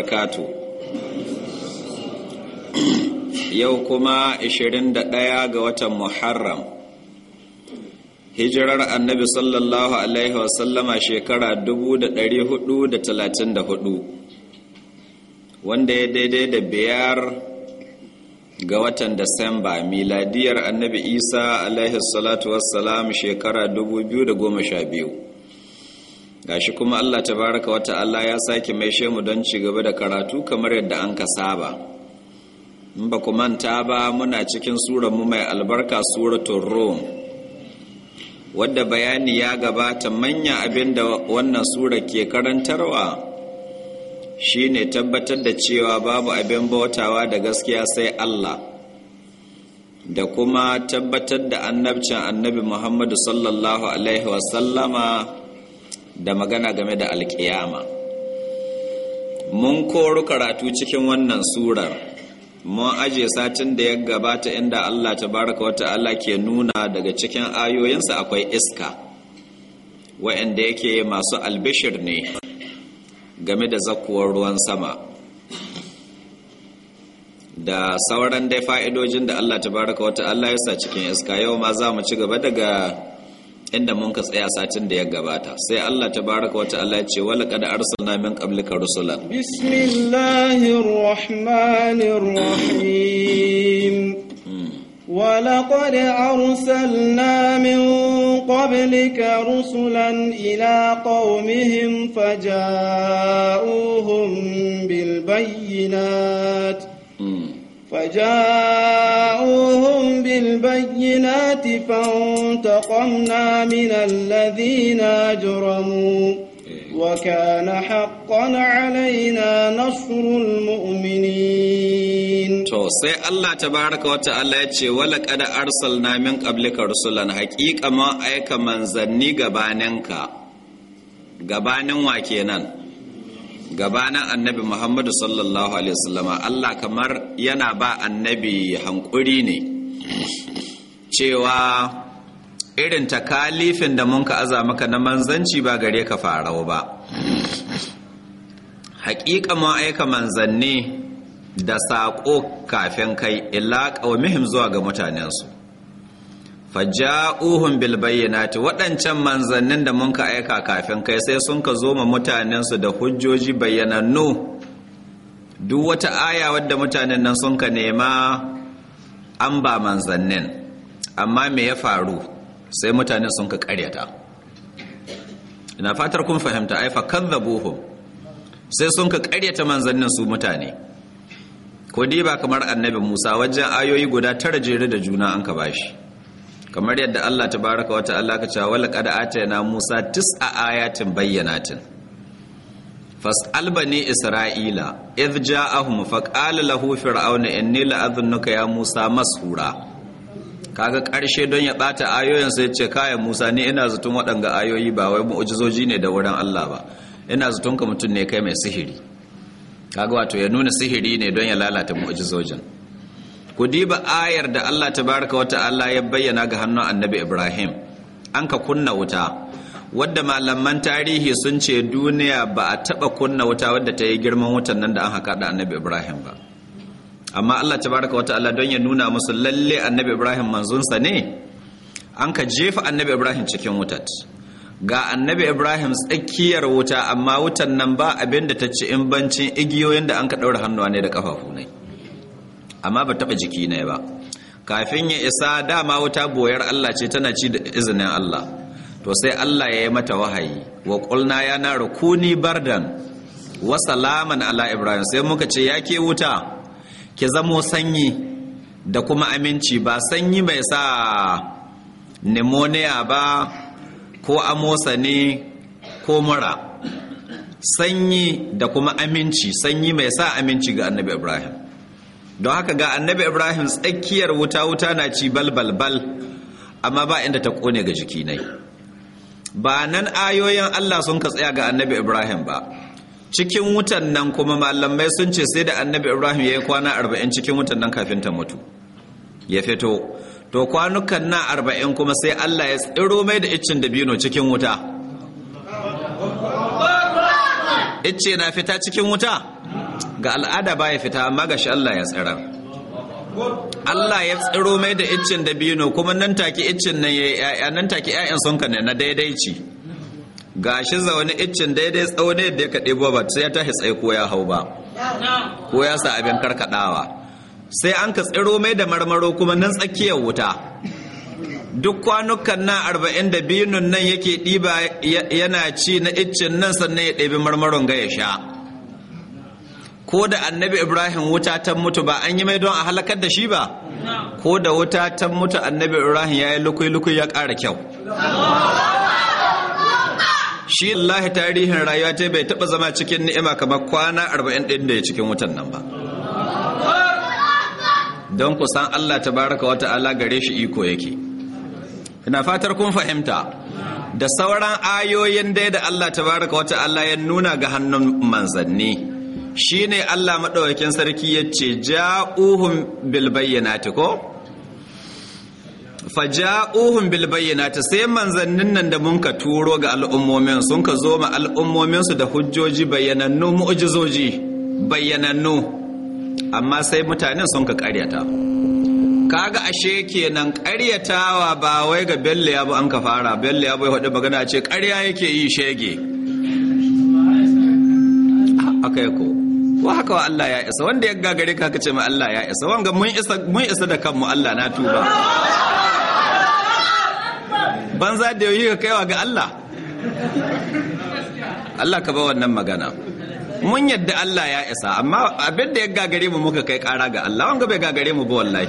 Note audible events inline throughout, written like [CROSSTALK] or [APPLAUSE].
wabarakatu yau kuma 21 ga watan muharram hijirar annabi sallallahu alaihi wasallama shekara 434 wanda ya daidai da biyar ga watan disamba miladiyar annabi isa alaihi salatu wassalam shekara 2012 gashi kuma Allah ta baraka wata Allah ya sake mai shemu don ci gaba da karatu kamar yadda an ka saba in ba ku manta ba muna cikin surar mu mai albarka suratul rum wadda bayani ya gabata manya abinda wannan sura ke karantarwa shine tabbatar da cewa babu abin bautawa da gaskiya sai Allah da kuma tabbatar da annabcin annabi Muhammadu sallallahu Alaihi wasallama da magana game da alkiyama mun koru karatu cikin wannan surar mun aje satin da ya gabata inda Allah ta baraka wata Allah ke nuna daga cikin ayoyinsa akwai iska wa'anda yake masu albishir ne game da zakuwar ruwan sama da sauran dai fa'idojin da Allah ta baraka wata Allah ya sa cikin iska yau ma za mu ci gaba daga inda mun ka tsaya satin da ya gabata sai Allah ta baraka wata Allah ya ce wala kada arsalna min qablika rusulan bismillahir rahmanir rahim hmm. wala qad arsalna min qablika rusulan ila qaumihim fajaa'uhum bil bayyinati فجاءوهم بالبينات فانتقمنا من الذين أجرموا وكان حقا علينا نصر المؤمنين to sai Allah tabaraka wa ta'ala ya ce wala qad arsalna min qablika rusulan haqiqa ma aika manzanni gabaninka gabanin wa kenan gabanin annabi Muhammadu sallallahu alaihi wasallama Allah kamar yana ba annabi hankuri ne cewa irin takalifin da mun ka aza maka na manzanci ba gare ka fara ba haƙiƙa mun aika manzanni da saƙo kafin kai illa ƙaumihim zuwa ga mutanensu faja'uhum bil bayyinati waɗancan manzannin da mun ka aika kafin kai sai sun ka zo ma mutanensu da hujjoji bayyanannu duk wata aya wadda mutanen nan sun ka nema an ba manzannin amma me ya faru sai mutane sun ka karyata ina fatar kun fahimta aifa kadzabuhum sai sun ka karyata manzannin su mutane ko dai ba kamar annabi Musa wajen ayoyi guda tara jere da juna an ka bashi kamar yadda Allah ta baraka wata allah ka cewa Ata yana Musa a ayatin bayyanatin فاسأل بني إسرائيل إذ جاءهم فقال له فرعون إني لأظنك ya musa مسحورا kaga ƙarshe don ya bata ayoyin sai ce kaya musa ni ina zutun waɗanga ayoyi ba wai mu'ujizoji ne da wurin Allah ba ina zutun ka mutum ne kai mai sihiri kaga wato ya nuna sihiri ne don ya lalata mu'ujizojin ku diba ayar da Allah tabaaraka wa ta'ala ya bayyana ga hannun annabi Ibrahim an ka kunna wuta wadda malaman tarihi sun ce duniya ba a taba kunna wuta wadda ta yi girman wutan nan da an haka da annabi ibrahim ba amma allah ta baraka wata Allah don ya nuna musu lalle annabi ibrahim manzunsa ne an ka jefa annabi ibrahim cikin wuta. ga annabi ibrahim tsakiyar wuta amma wutan nan ba abin da ta ci in bancin igiyoyin da an ka ɗaura hannuwa ne da kafafu ne amma ba taɓa jiki ne ba kafin ya isa dama wuta boyar allah ce tana ci da izinin allah to sai Allah ya yi mata wahayi wa na ya na rukuni bardan wa salaman ala ibrahim sai muka ce ya ke wuta ki zamo sanyi da kuma aminci ba sanyi mai sa pneumonia ba ko amosa ne ko mura sanyi da kuma aminci sanyi mai sa aminci ga annabi ibrahim don haka ga annabi ibrahim tsakiyar wuta wuta na ci bal bal bal amma ba inda ta kone ga jiki nai ba nan ayoyin Allah sun ka tsaya ga annabi Ibrahim ba cikin wutan nan kuma malamai sun ce sai da annabi Ibrahim ya yi kwana arba'in cikin wutan nan kafin ta mutu ya fito to kwanukan na arba'in kuma sai Allah ya tsiro mai da iccin bino cikin wuta icce na fita cikin wuta ga al'ada ba ya fita amma ga shi Allah ya tsira Allah ya tsiro mai da da biyu kuma nan take iccin nan ya nan take ƴaƴan sun ka na daidaici gashi zaune iccin daidai tsawo ne da ya kaɗe ba sai ya tashi tsaye ko ya hau ba ko ya sa abin karkaɗawa sai an ka tsiro mai da marmaro kuma nan tsakiyar wuta duk kwanukan nan arba'in da biyu nan yake ɗiba yana ci na iccin nan sannan ya ɗebi marmaron ga ya sha ko da annabi ibrahim wuta ta mutu ba an yi mai don a halakar da shi ba ko da wuta ta mutu annabi ibrahim ya yi lukui-lukui ya ƙara kyau shi Allah tarihin rayuwa ta bai taɓa zama cikin ni'ima kamar kwana arba'in ɗin da ya cikin wutan nan ba don ku san Allah baraka wata ala gare shi iko yake ina fatar kun fahimta da sauran ayoyin dai da Allah ta baraka wata ala ya nuna ga hannun manzanni Shi ne Allah maɗaukakin sarki yace ja uhun bilbayyanati ko ja uhun bilbayyanati sai manzannin nan da mun ka turo ga al'ummomin sun ka zo ma al'ummominsu da hujjoji bayyanannu mu'ujizoji bayyanannu amma sai mutanen sun ka karyata kaga ashe kenan karyatawa ba wai ga bello ya bu an ka fara bello ya bu ya faɗi magana ce karya yake yi shege akai ko ko haka wa Allah ya isa wanda ya gagare ka kace ma Allah ya isa wanga mun isa mun isa da kanmu Allah na tuba banza da yoyi ka kaiwa ga Allah Allah ka ba wannan magana mun yadda Allah ya isa amma abin da ya gagare mu muka kai kara ga Allah wanga bai gagare mu ba wallahi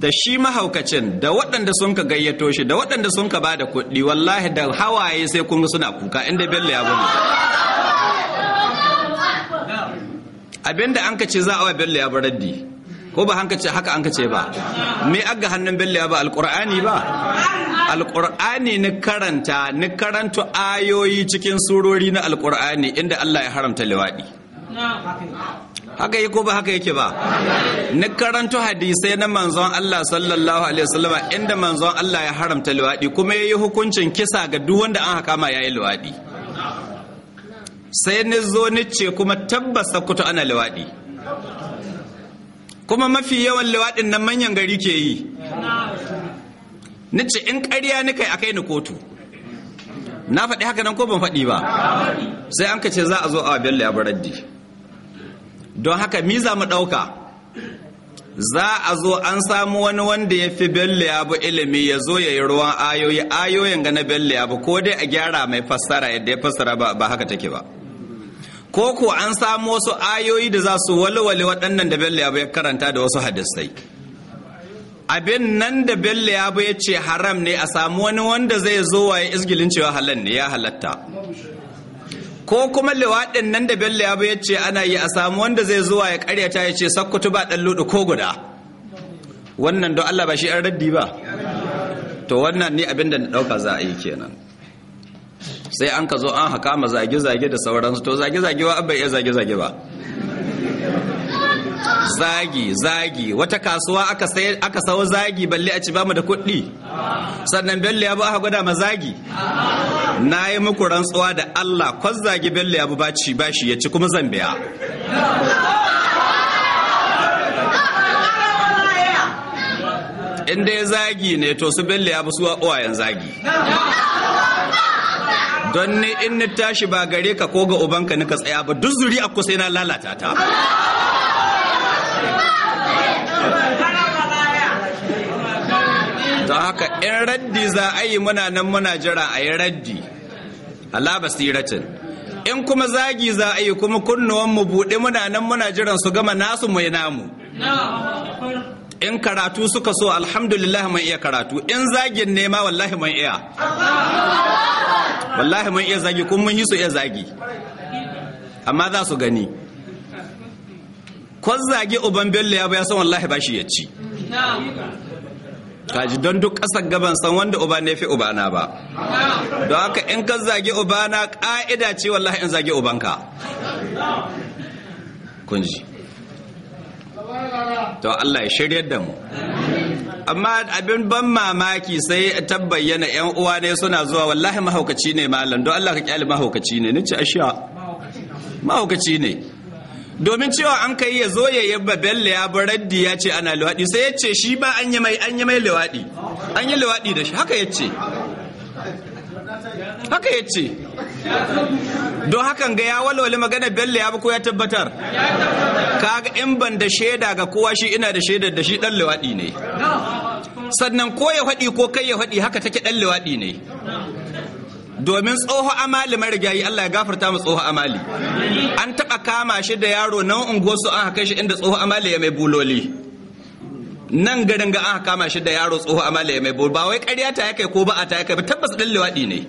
da shi mahaukacin da waɗanda sun ka gayyato shi da waɗanda sun ka bada kuɗi wallahi da hawaye sai kun suna kuka inda bello ya bune abinda an ka ce za a wa bello ya baraddi ko ba hanka ce haka an ka ce ba me aga hannun bello ya ba alƙur'ani ba alƙur'ani ni karanta ni karanta ayoyi cikin surori na alƙur'ani inda Allah ya haramta liwaɗi haka yi ko ba haka yake ba ni karanto hadisai na manzon Allah sallallahu alaihi wasallam inda manzon Allah ya haramta luwaɗi kuma ya yi hukuncin kisa ga duk wanda an haka ma ya yi luwaɗi sai ni zo ni ce kuma tabbas sakuto ana luwaɗi kuma mafi yawan luwaɗin nan manyan gari ke yi ni ce in ƙarya ni kai akai ni kotu na faɗi haka nan ko ban faɗi ba sai an ka ce za a zo a bello ya don haka mi za mu ɗauka za a zo an samu wani wanda ya fi bello ya ilimi ya zo ya yi ruwan ayoyi ayoyin ga na bello ya ko dai a gyara mai fassara yadda ya fassara ba haka take ba ko ko an samu wasu ayoyi da za su walwale waɗannan da bello ya ya karanta da wasu hadisai abin nan da bello ya bu ya ce haram ne a samu wani wanda zai zo wa ya izgilin cewa halal ne ya halatta ko kuma liwaɗin nan da bello ya bai ce ana yi a samu wanda zai zuwa ya karyata ya ce sakkutu ba ɗan ludu ko guda wannan don allah ba shi an raddi ba to wannan ni abin da na ɗauka za a yi kenan sai an ka zo an haka ma zage-zage da sauransu to zage-zage wa abin iya zage-zage ba zagi zagi wata kasuwa aka sayo zagi balle a ci bamu da kuɗi sannan bello ya aka gwada ma zagi na yi muku rantsuwa da allah kwas zagi bello abu ba ci ba ya ci kuma zan biya ya zagi ne to su bello abu suwa uwayen zagi don ne in na tashi ba gare ka ko ga ubanka ka tsaya ba duk zuri a kusa na lalata ta don haka in raddi za a yi muna nan muna jira a yi raddi ala basiratin in kuma zagi za a yi kuma kunnuwan mu buɗe muna nan muna jiran su gama nasu mai namu in karatu suka so alhamdulillah mun iya karatu in zagin nema wallahi mun iya wallahi mai iya zagi kuma mun yi su iya zagi amma za su gani kwan zagi uban bello ya baya san wallahi ba shi ya ci kaji don duk ƙasar gaban san wanda uba ne fi ubana ba don haka in ka zage ubana ƙa'ida ce wallahi in zage ubanka kunji to Allah ya shiryar da mu amma abin ban mamaki sai ta bayyana yan uwa ne suna zuwa wallahi mahaukaci ne malam don Allah ka kyale mahaukaci ne nace asha mahaukaci ne domin cewa an kai ya zo ya yabba bello ya bar raddi ya ce ana luwaɗi sai ya ce shi ba an yi mai an yi mai luwaɗi an yi luwaɗi da shi haka ya ce haka ya ce don hakan ga ya walwale magana bello ya ko ya tabbatar kaga in ban da shaida ga kowa shi ina da shaidar da shi ɗan luwaɗi ne sannan ko ya faɗi ko kai ya faɗi haka take ɗan luwaɗi ne domin tsoho amali marigayi Allah ya gafarta mu tsoho amali an taba kama shi da yaro nan su an haka shi inda tsoho amali ya mai buloli nan garin ga an kama shi da yaro tsoho amali ya mai buloli ba wai ƙarya ta yake ko ba a ta yake ba tabbas ɗin liwaɗi ne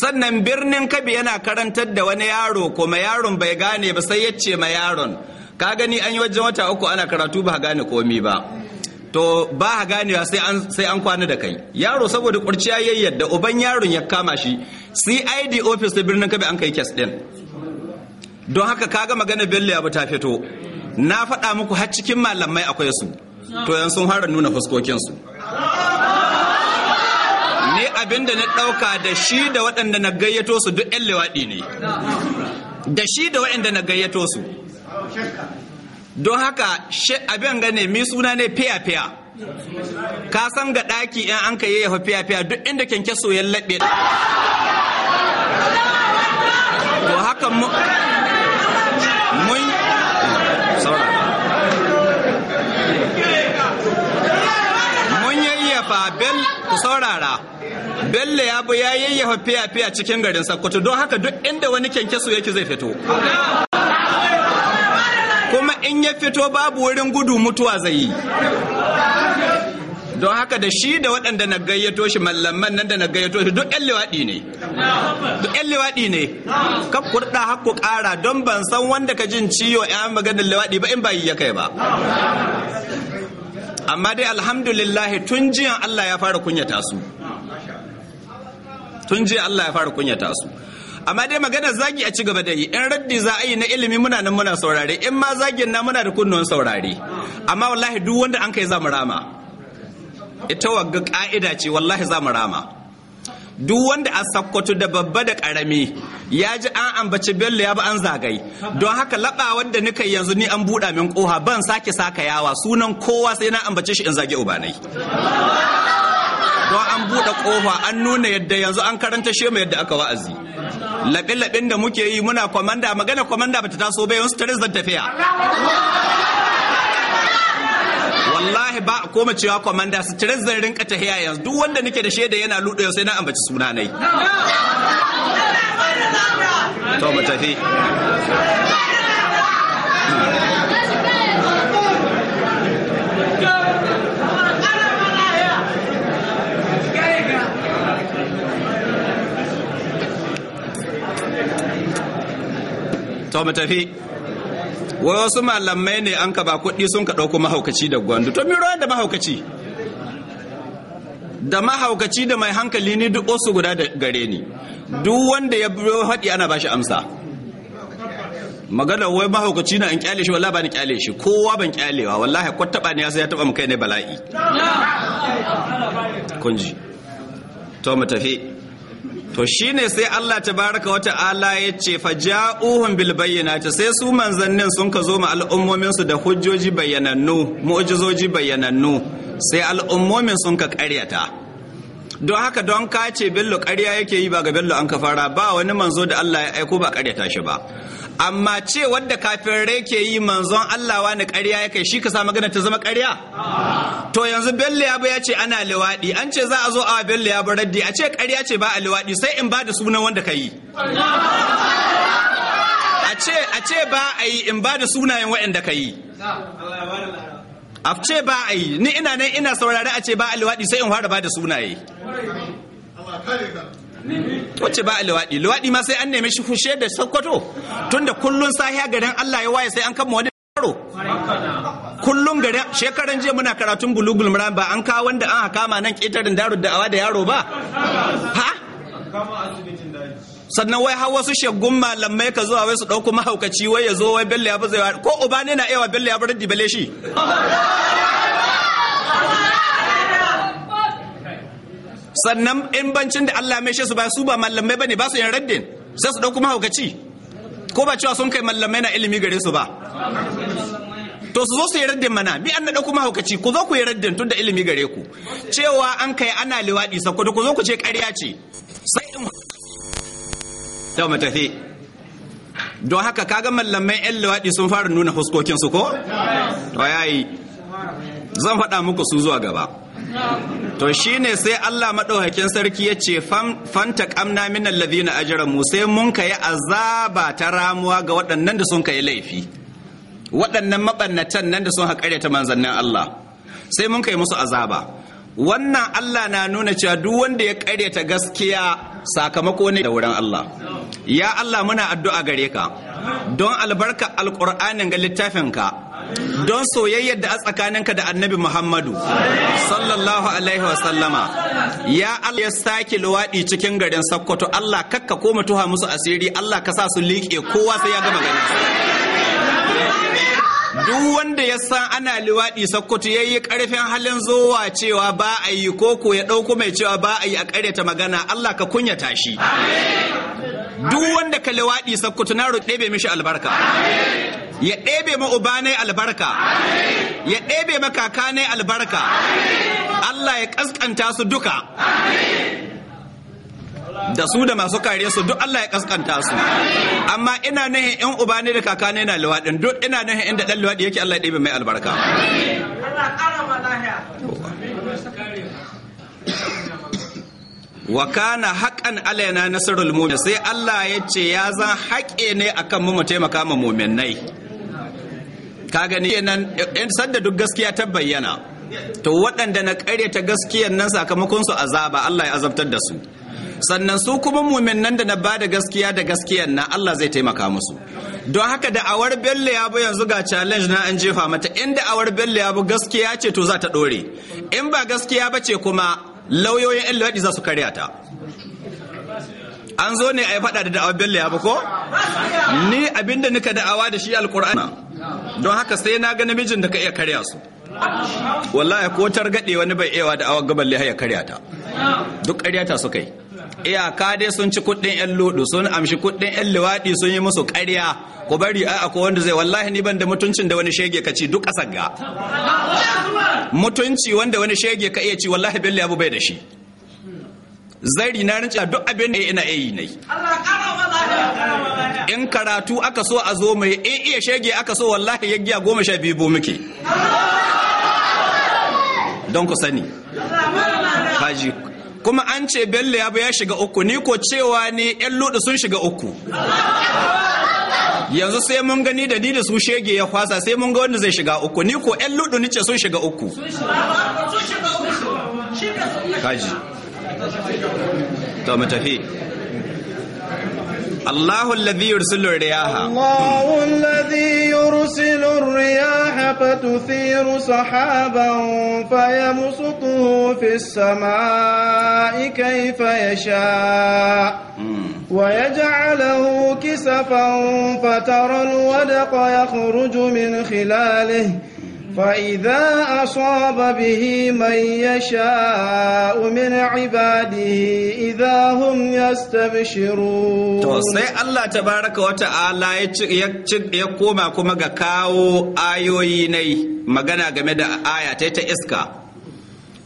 sannan birnin kabi yana karantar da wani yaro kuma yaron bai gane ba sai ya ce ma yaron ka gani an yi wajen wata uku ana karatu ba gane komi ba to ba ganewa sai an sai an kwana da kai yaro saboda kurciya yayi yadda uban yaron ya kama shi CID office ta birnin Kabe an kai case din don haka kaga magana Bello ya ta fito na faɗa muku har cikin malamai akwai su to yan sun fara nuna fuskokin su ni abinda na ɗauka da shi da waɗanda na gayyato su duk 'yan lewaɗi ne da shi da waɗanda na gayyato su don haka abin ga mi suna ne fiya-fiya ka san ga ɗaki in an ka yi yafa fiya-fiya duk inda kyanke soyan laɓe to haka mun mun bel ku saurara Bello ya bu ya yayyafa fiya-fiya cikin garin Sokoto don haka duk inda wani su yake zai fito. in ya fito babu wurin gudu mutuwa zai yi don haka da shi da waɗanda na gayyato shi mallaman nan da na gayyato shi duk yan liwaɗi ne duk yan liwaɗi ne ka kurɗa hakku ƙara don ban san wanda ka jin ciwo ya maganin liwaɗi ba in ba yi ya kai ba amma dai alhamdulillah tun jiyan Allah ya fara kunyata su tun jiya Allah ya fara kunyata su amma dai magana zagi a ci gaba da yi in raddi za a yi na ilimi muna nan muna saurare in ma zagin na muna da kunnuwan saurare amma wallahi duk wanda an kai za mu rama ita wagga ka'ida ce wallahi za mu rama duk wanda a sakkwato da babba da karami ya ji an ambaci bello ya ba an zagai don haka laba wanda nika yanzu ni an buɗa min ƙoha ban sake saka yawa sunan kowa sai na ambace shi in zage ubanai don an buɗe ƙofa an nuna yadda yanzu an karanta shema yadda aka wa'azi Laɓin laɓin da muke yi muna kwamanda magana kwamanda bata taso bai wasu tare zan tafiya wallahi ba koma cewa kwamanda su tare zan rinka tahiya yanzu duk wanda nake da shaida yana luɗe sai na ambaci suna nai to mu tafi to mu tafi wai wasu malamai ne an ka ba kuɗi sun ka ɗauko mahaukaci da gwandu to miro da mahaukaci da mahaukaci da mai hankali ni duk wasu guda da gare ni duk wanda ya biyo haɗi ana ba shi amsa magana wai mahaukaci na in kyale shi wallahi ba ni kyale shi kowa ban kyalewa wallahi ko taba ne ya sai ya taba mu kai ne bala'i kunji to mu tafi to shi ne sai Allah ta baraka wata wata'ala ya ce Uhun bil ta sai su manzannin sun ka zo ma al'ummomin su da hujjoji bayyanannu mu'jizoji bayyanannu sai al'ummomin sun ka ƙaryata don haka don ka ce bello ƙarya yake yi ba ga bello an ka fara ba wani manzo da Allah ya aiko ba ƙaryata shi ba amma ce wadda kafin ke yi manzon Allah ni ƙarya ya kai shi ka sa magana ta zama ƙarya to yanzu bello ya ya ce ana liwaɗi an ce za a zo a bello ya bi raddi a ce ƙarya ce ba a liwaɗi sai in ba da sunan wanda ka yi a ce ba a yi in ba da sunayen waɗanda ka yi a ce ba a yi ni ina nan ina saurari a ce ba a liwaɗi sai in fara ba da sunaye wacce ba a luwaɗi, luwaɗi ma sai an neme shi fushe da sokoto tunda kullun sahiya garin Allah ya waye sai an kama wani karo kullun garin shekaran jiya muna karatun bulugul muran ba an kawo wanda an hakama nan ƙetarin daro da awa da yaro ba ha sannan wai har wasu shagun malamai ka zuwa wai su ɗauko mahaukaci wai ya zo wai bello ya fi zai ko uba ne na iya wa bello ya fi raddi bale shi sannan in bancin da Allah mai su ba su ba mallamai ba ne ba su yin raddin sai su dauko mahaukaci ko ba cewa sun kai mallamai na ilimi gare su ba to su zo su yi raddin mana bi an na kuma mahaukaci ku zo ku yi raddin tun da ilimi gare ku cewa an kai ana liwaɗi da ku zo ku ce ƙarya ce sai in ta tafi don haka kaga mallamai yan liwaɗi sun fara nuna fuskokinsu ko to yayi zan faɗa muku su zuwa gaba to shi ne sai Allah maɗaukakin sarki ya ce fanta ƙamna kamna min ajiyar mu sai mun yi azaba ta ramuwa ga waɗannan da sun yi laifi waɗannan maɓannatan nan da sun haƙare ta manzannin Allah sai mun kai musu azaba wannan Allah na nuna cewa duk wanda ya ta gaskiya sakamako ne da wurin Allah ya Allah muna addu'a gare ka don albarka alƙur'anin ga littafinka don soyayyar da a tsakaninka da annabi muhammadu sallallahu alaihi wasallama ya allah ya sake luwaɗi cikin garin sakkwato allah kakka ko tuha musu asiri allah ka sa su liƙe kowa sai ya gama gani. duk wanda ya san ana liwaɗi sakkwato ya yi ƙarfin halin zowa cewa ba a yi koko ya ɗauko mai cewa ba a yi a ƙaryata magana Allah ka kunyata shi duk wanda ka liwaɗi sakkwato na ɗebe mishi albarka ya ɗebe ma ubanai albarka ya ɗebe ma kakanai albarka Allah ya ƙasƙanta su duka da su da masu kare su duk Allah ya ƙasƙanta su amma ina nahin in uba ne da kaka ne na lewaɗin duk ina nahin inda ɗan lewaɗi yake Allah ya ɗebe mai albarka wa kana haƙan alaina nasarul mu'min sai Allah ya ce ya zan haƙe ne akan mu mu taimaka ma nai ka gani in sanda duk gaskiya ta bayyana to waɗanda na ta gaskiyar nan sakamakon su azaba Allah ya azabtar da su sannan su kuma mumin nan da na ba da gaskiya da gaskiyar nan Allah zai taimaka musu don haka da awar bello ya bu yanzu ga challenge na an jefa mata inda awar bello ya bu gaskiya ce to za ta ɗore in ba gaskiya ba ce kuma lauyoyin yan luwaɗi za su karya ta an zo ne a yi faɗa da da'awar bello ya ko ni abinda nika da'awa da shi alƙur'ana don haka sai na ga namijin da ka iya karya su wallahi ko targaɗe wani bai wa da'awar gaban ya karya ta duk karya ta su kai iyaka dai sun ci kuɗin 'yan lodo sun amshi kuɗin 'yan liwaɗi sun yi musu ƙarya ku bari a akwai wanda zai wallahi ni ban da mutuncin da wani shege ka ci duk a sagga mutunci wanda wani shege ka iya ci wallahi bello abu bai da shi zari na rinci duk abin da ina yi ne in karatu aka so a zo mai in iya shege aka so wallahi ya giya goma sha biyu muke don ku sani kuma an ce bello ya ya shiga uku ni ko cewa ne yan ludu sun shiga uku yanzu sai mun gani da da su shege ya kwasa sai mun ga wanda zai shiga uku ni ko yan ludu nice sun shiga uku kaji to mu tafi الله الذي يرسل الرياح الله الذي يرسل الرياح فتثير سحابا فيمسطه في السماء كيف يشاء ويجعله كسفا فترى الودق يخرج من خلاله فإذا أصاب به من يشاء من عباده إذا هم يستبشرون to sai Allah tabaraka wa ta'ala ya koma kuma ga kawo ayoyi nai magana game da aya ta ta iska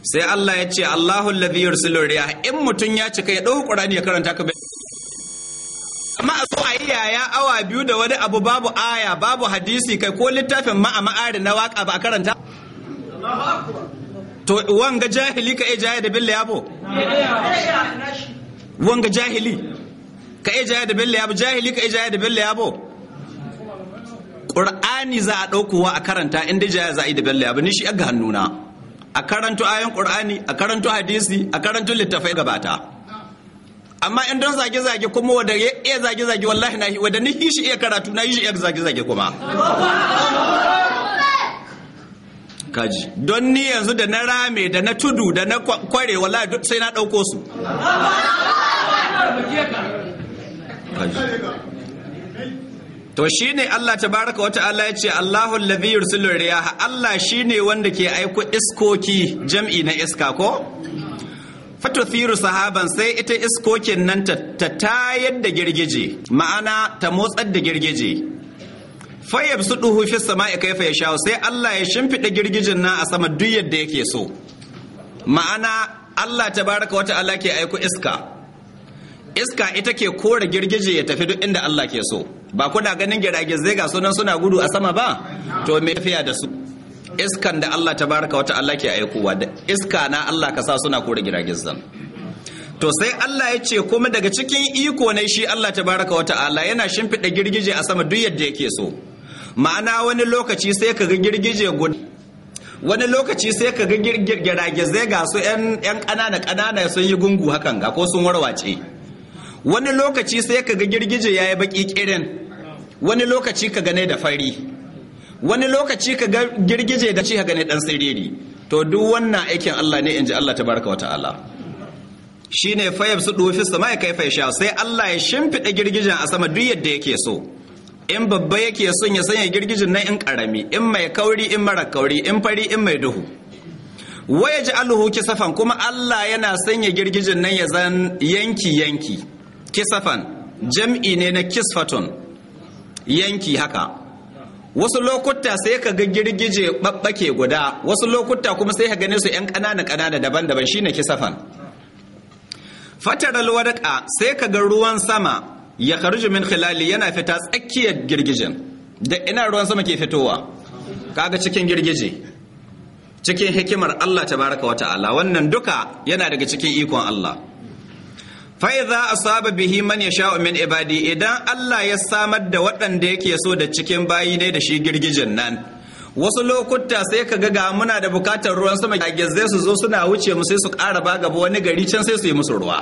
sai Allah ya ce Allahu allazi yursilu riyah in mutun ya cika ya dau Qur'ani ya karanta ka amma a so a yi yaya awa biyu da wani abu babu aya babu hadisi kai ko littafin ma a ma'ari na waka ba a karanta to wanga jahili ka iya jaya da billa yabo wanga jahili ka iya jaya da billa yabo jahili ka iya jaya da billa yabo qur'ani za a daukowa a karanta in dai jaya za a yi da billa yabo ni shi ga hannuna a karanto ayan qur'ani a karanto hadisi a karanto littafai gabata amma in don zage-zage kuma wanda iya zage-zage wallahi na wanda ni shi iya karatu na shi iya zage-zage kuma kaji don ni yanzu da na rame da na tudu da na kware wallahi sai na ɗauko su to shine Allah baraka wa ta'ala ya ce Allahu allazi yursilu riyaha Allah shine wanda ke aiko iskoki jam'i na iska ko fatothiru sahaban sai ita iskokin nan ta tayar da girgije ma'ana ta motsar da girgije fayyab su duhu fi sama ya kaifa ya shawo sai Allah ya shimfiɗa girgijin nan a sama duk yadda yake so ma'ana Allah ta baraka wata Allah ke aiko iska iska ita ke kora girgije ya tafi duk inda Allah ke so ba kuna ganin girage zai ga sunan suna gudu a sama ba to me tafiya da su iskan da Allah ta baraka wata Allah ke aikowa da iska na Allah ka sa suna kore zan to sai Allah ya ce kuma daga cikin iko ne shi Allah ta baraka wata Allah yana shimfiɗa girgije a sama duk yadda yake so ma'ana wani lokaci sai ka ga girgije guda wani lokaci sai ka ga zai ga su 'yan ƙanana ƙanana sun yi gungu hakan ga ko sun warwace wani lokaci sai ka ga girgije ya yi baƙi ƙirin wani lokaci ka gane da fari wani lokaci ka ga girgije da ci ka gane dan siriri to duk wannan aikin Allah ne inji Allah tabaraka wa ta'ala shine fayab su dofi sama ya kaifa sha sai Allah ya shimfida girgijen a sama duk yadda yake so in babba yake son ya sanya girgijin nan in karami in mai kauri in mara kauri in fari in mai duhu waya ji kisafan kuma Allah yana sanya girgijin nan ya zan yanki yanki kisafan jam'i ne na kisfaton yanki haka wasu lokuta sai ka ga girgije babbake guda wasu lokuta kuma sai ka gane su yan ƙanana ƙanana daban-daban shine kisafan fatar wadaka sai ka ga ruwan sama ya kharuju min khilali yana fita tsakiyar girgijin da ina ruwan sama ke fitowa kaga cikin girgije cikin hikimar Allah tabaraka wata'ala wannan duka yana daga cikin ikon Allah fa'iza a saba bihi man ya sha min ibadi idan Allah ya samar da waɗanda yake so da cikin bayi ne da shi girgijin nan wasu lokuta sai ka ga muna da bukatar ruwan sama a gizze su zo suna wuce mu sai su ƙara ba gaba wani gari can sai su yi musu ruwa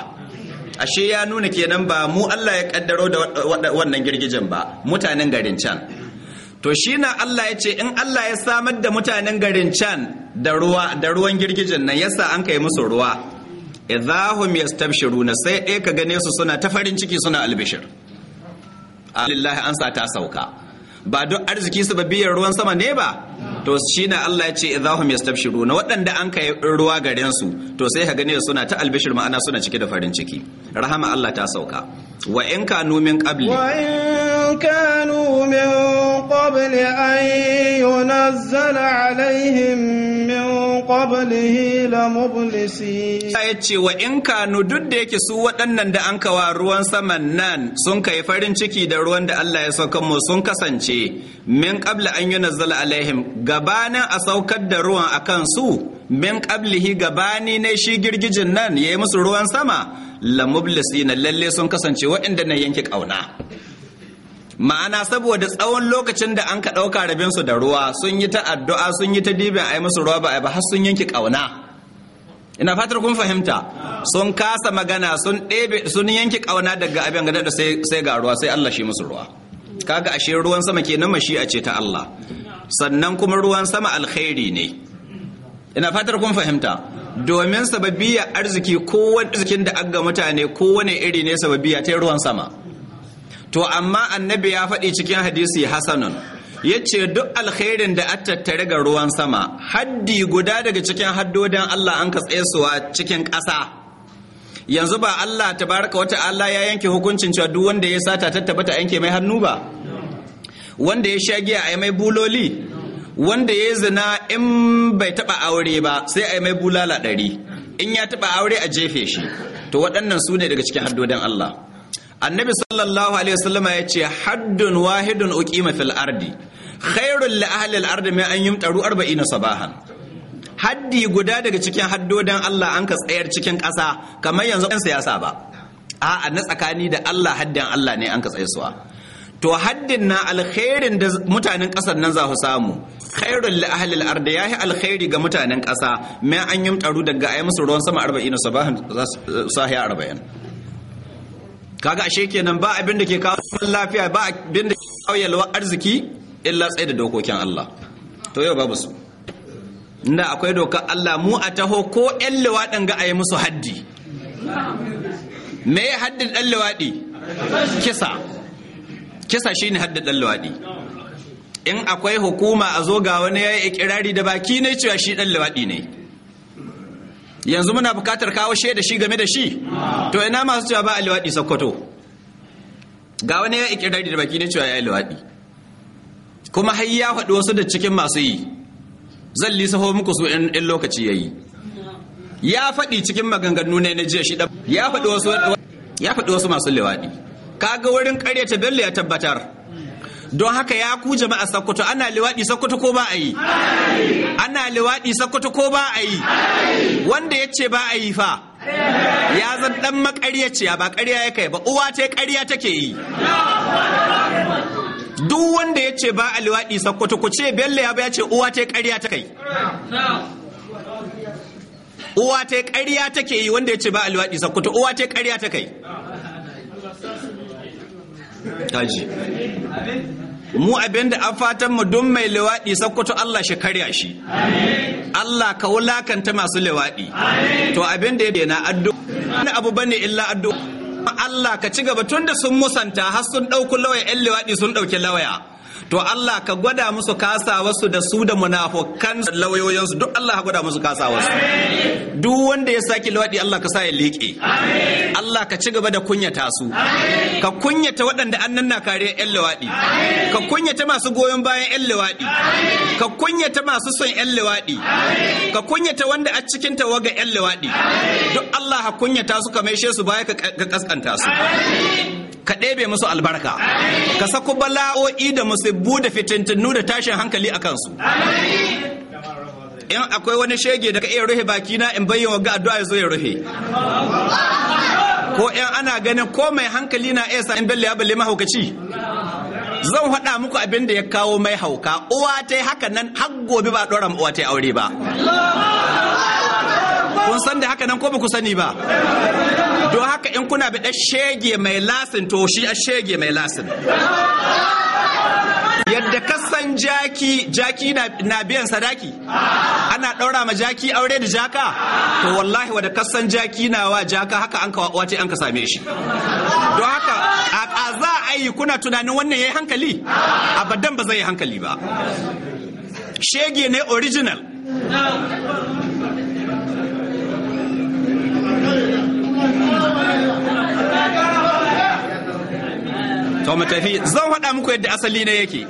ashe ya nuna kenan ba mu Allah ya kaddaro da wannan girgijin ba mutanen garin can to shi na Allah ya ce in Allah ya samar da mutanen garin can da da ruwan girgijin nan yasa an kai musu ruwa idahum yastabshiruna sai ɗaya ka gane su suna ta farin ciki suna albishir alillahi an sa ta sauka ba duk arziki su ba biyar ruwan sama ne ba to shine Allah ya ce idahum yastabshiruna waɗanda an kai ruwa garin su to sai ka gane suna ta albishir ma'ana suna cike da farin ciki rahama Allah ta sauka wa in kanu min qabli wa in kanu min qabli an zana alaihim قبله لمبلسين ya ce wa in kanu duk da yake su waɗannan da an kawa ruwan saman nan sun kai farin ciki da ruwan da Allah ya sauka mu sun kasance min qabla an yunazzala alaihim gabanin a saukar da ruwan akan su min qablihi gabani ne shi girgijin nan yayi musu ruwan sama la mublisina lalle sun kasance waɗanda na yanke kauna ma'ana saboda tsawon lokacin da an ka ɗauka rabinsu da ruwa sun yi ta addu'a sun yi ta dibin a yi musu ruwa ba a ba har sun yanki ƙauna ina fatar kun fahimta sun kasa magana sun ɗebe sun yanki ƙauna daga abin gada da sai ga ruwa sai Allah shi musu ruwa kaga ashe ruwan sama kenan mashi a ce ta Allah sannan kuma ruwan sama alkhairi ne ina fatar kun fahimta domin sababiyar arziki ko wani da aga mutane ko wani iri ne sababiya ta ruwan sama to amma annabi ya faɗi cikin hadisi hasanun ya ce duk alkhairin da a tattare ga ruwan sama haddi guda daga cikin haddodin Allah an ka tsesuwa cikin ƙasa yanzu ba Allah ta baraka wata Allah ya yanke hukuncin cewa duk wanda ya sata tattabata yanke mai hannu ba wanda ya sha giya a yi mai buloli wanda ya zina in bai taba aure ba sai a yi mai bulala ɗari in ya taba aure a jefe shi to waɗannan su ne daga cikin haddodin Allah annabi sallallahu alaihi wasallama ya ce haddun wahidun uqima fil ardi khairul li ahli al ardi mai an yumtaru 40 sabahan haddi guda daga cikin haddodan Allah an ka tsayar cikin ƙasa kamar yanzu ya siyasa ba a'a na tsakani da Allah haddin Allah ne an ka tsayarsuwa to haddin na alkhairin da mutanen ƙasar nan za su samu khairul li ahli al-ard yahi alkhairi ga mutanen ƙasa mai an yumtaru daga ayi musu ruwan sama 40 sabahan sahiya 40 kaga ashe kenan ba abin da ke kawo lafiya ba abin da ke kawo yalwa arziki illa tsaye da dokokin Allah to yau babu su inda akwai dokar Allah mu a taho ko ƴan liwaɗin ga a yi musu haddi me ya haddin ɗan liwaɗi kisa kisa shine haddin ɗan liwaɗi in akwai hukuma a zo ga wani ya yi ikirari da baki ne cewa shi ɗan liwaɗi ne yanzu muna bukatar kawo shi da shi game da shi to ina masu cewa ba a liwaɗi sokoto ga wani ya ikirari da baki ne cewa ya yi kuma har ya faɗi wasu da cikin masu yi zan lisaho muku su in lokaci ya yi ya faɗi cikin maganganu ne na jiya shi ya faɗi wasu masu liwaɗi kaga wurin ta bello ya tabbatar don haka ya ku jama'a sakkwato ana liwaɗi sakkwato ko ba a yi ana liwaɗi sakkwato ko ba a yi wanda ya ce ba a yi fa ya zan dan makaryaciya ba karya ya kai ba uwa ta karya take yi duk wanda ya ce ba a liwaɗi sakkwato ku ce bello ya ya ce uwa ta karya ta kai uwa ta karya take yi wanda ya ce ba a liwaɗi sakkwato uwa ta karya ta kai taji mu abin da an fatan mu don mai lewaɗi sakkwato Allah shi karya shi Allah ka wulakanta masu lewaɗi to abin da ya na addu wani abu bane illa addu Allah ka ci gaba tun da sun musanta har sun ɗauki lawaya 'yan lewaɗi sun ɗauki lawaya to Allah ka gwada musu kasa wasu da su da munafukan lauyoyansu duk Allah ka gwada musu wasu. duk wanda ya saki lawadi Allah ka sa ya liƙe. Allah ka ci gaba da kunyata su ka kunyata waɗanda annan na kare yan lawadi ka kunyata masu goyon bayan yan lawadi ka kunyata masu son yan lawadi ka kunyata wanda a cikin ta waga yan lawadi duk Allah ka kunyata su ka maishe su baya ka kaskanta su ka ɗebe musu albarka ka sako bala'o'i da musibbu da fitintinu da tashin hankali a kansu in akwai wani shege da ka iya rufe baki na in bayyana ga addu'a ya zo ya rufe ko in ana ganin ko mai hankali na iya sa in bella ya balle mahaukaci zan haɗa muku abin da ya kawo mai hauka uwa ta haka nan har gobe ba ɗora uwa ta yi aure ba kun san da haka nan ko ba sani ba don haka in kuna bi shege mai lasin to shi a shege mai lasin yadda kasan jaki jaki na biyan sadaki ana ɗaura ma jaki aure da jaka to wallahi wadda kasan jaki na wa jaka haka an wace an ka same shi don haka a za ayi kuna tunanin wannan ya yi hankali abadan ba zai yi hankali ba shege ne original to mu tafi zan faɗa muku yadda asali ne yake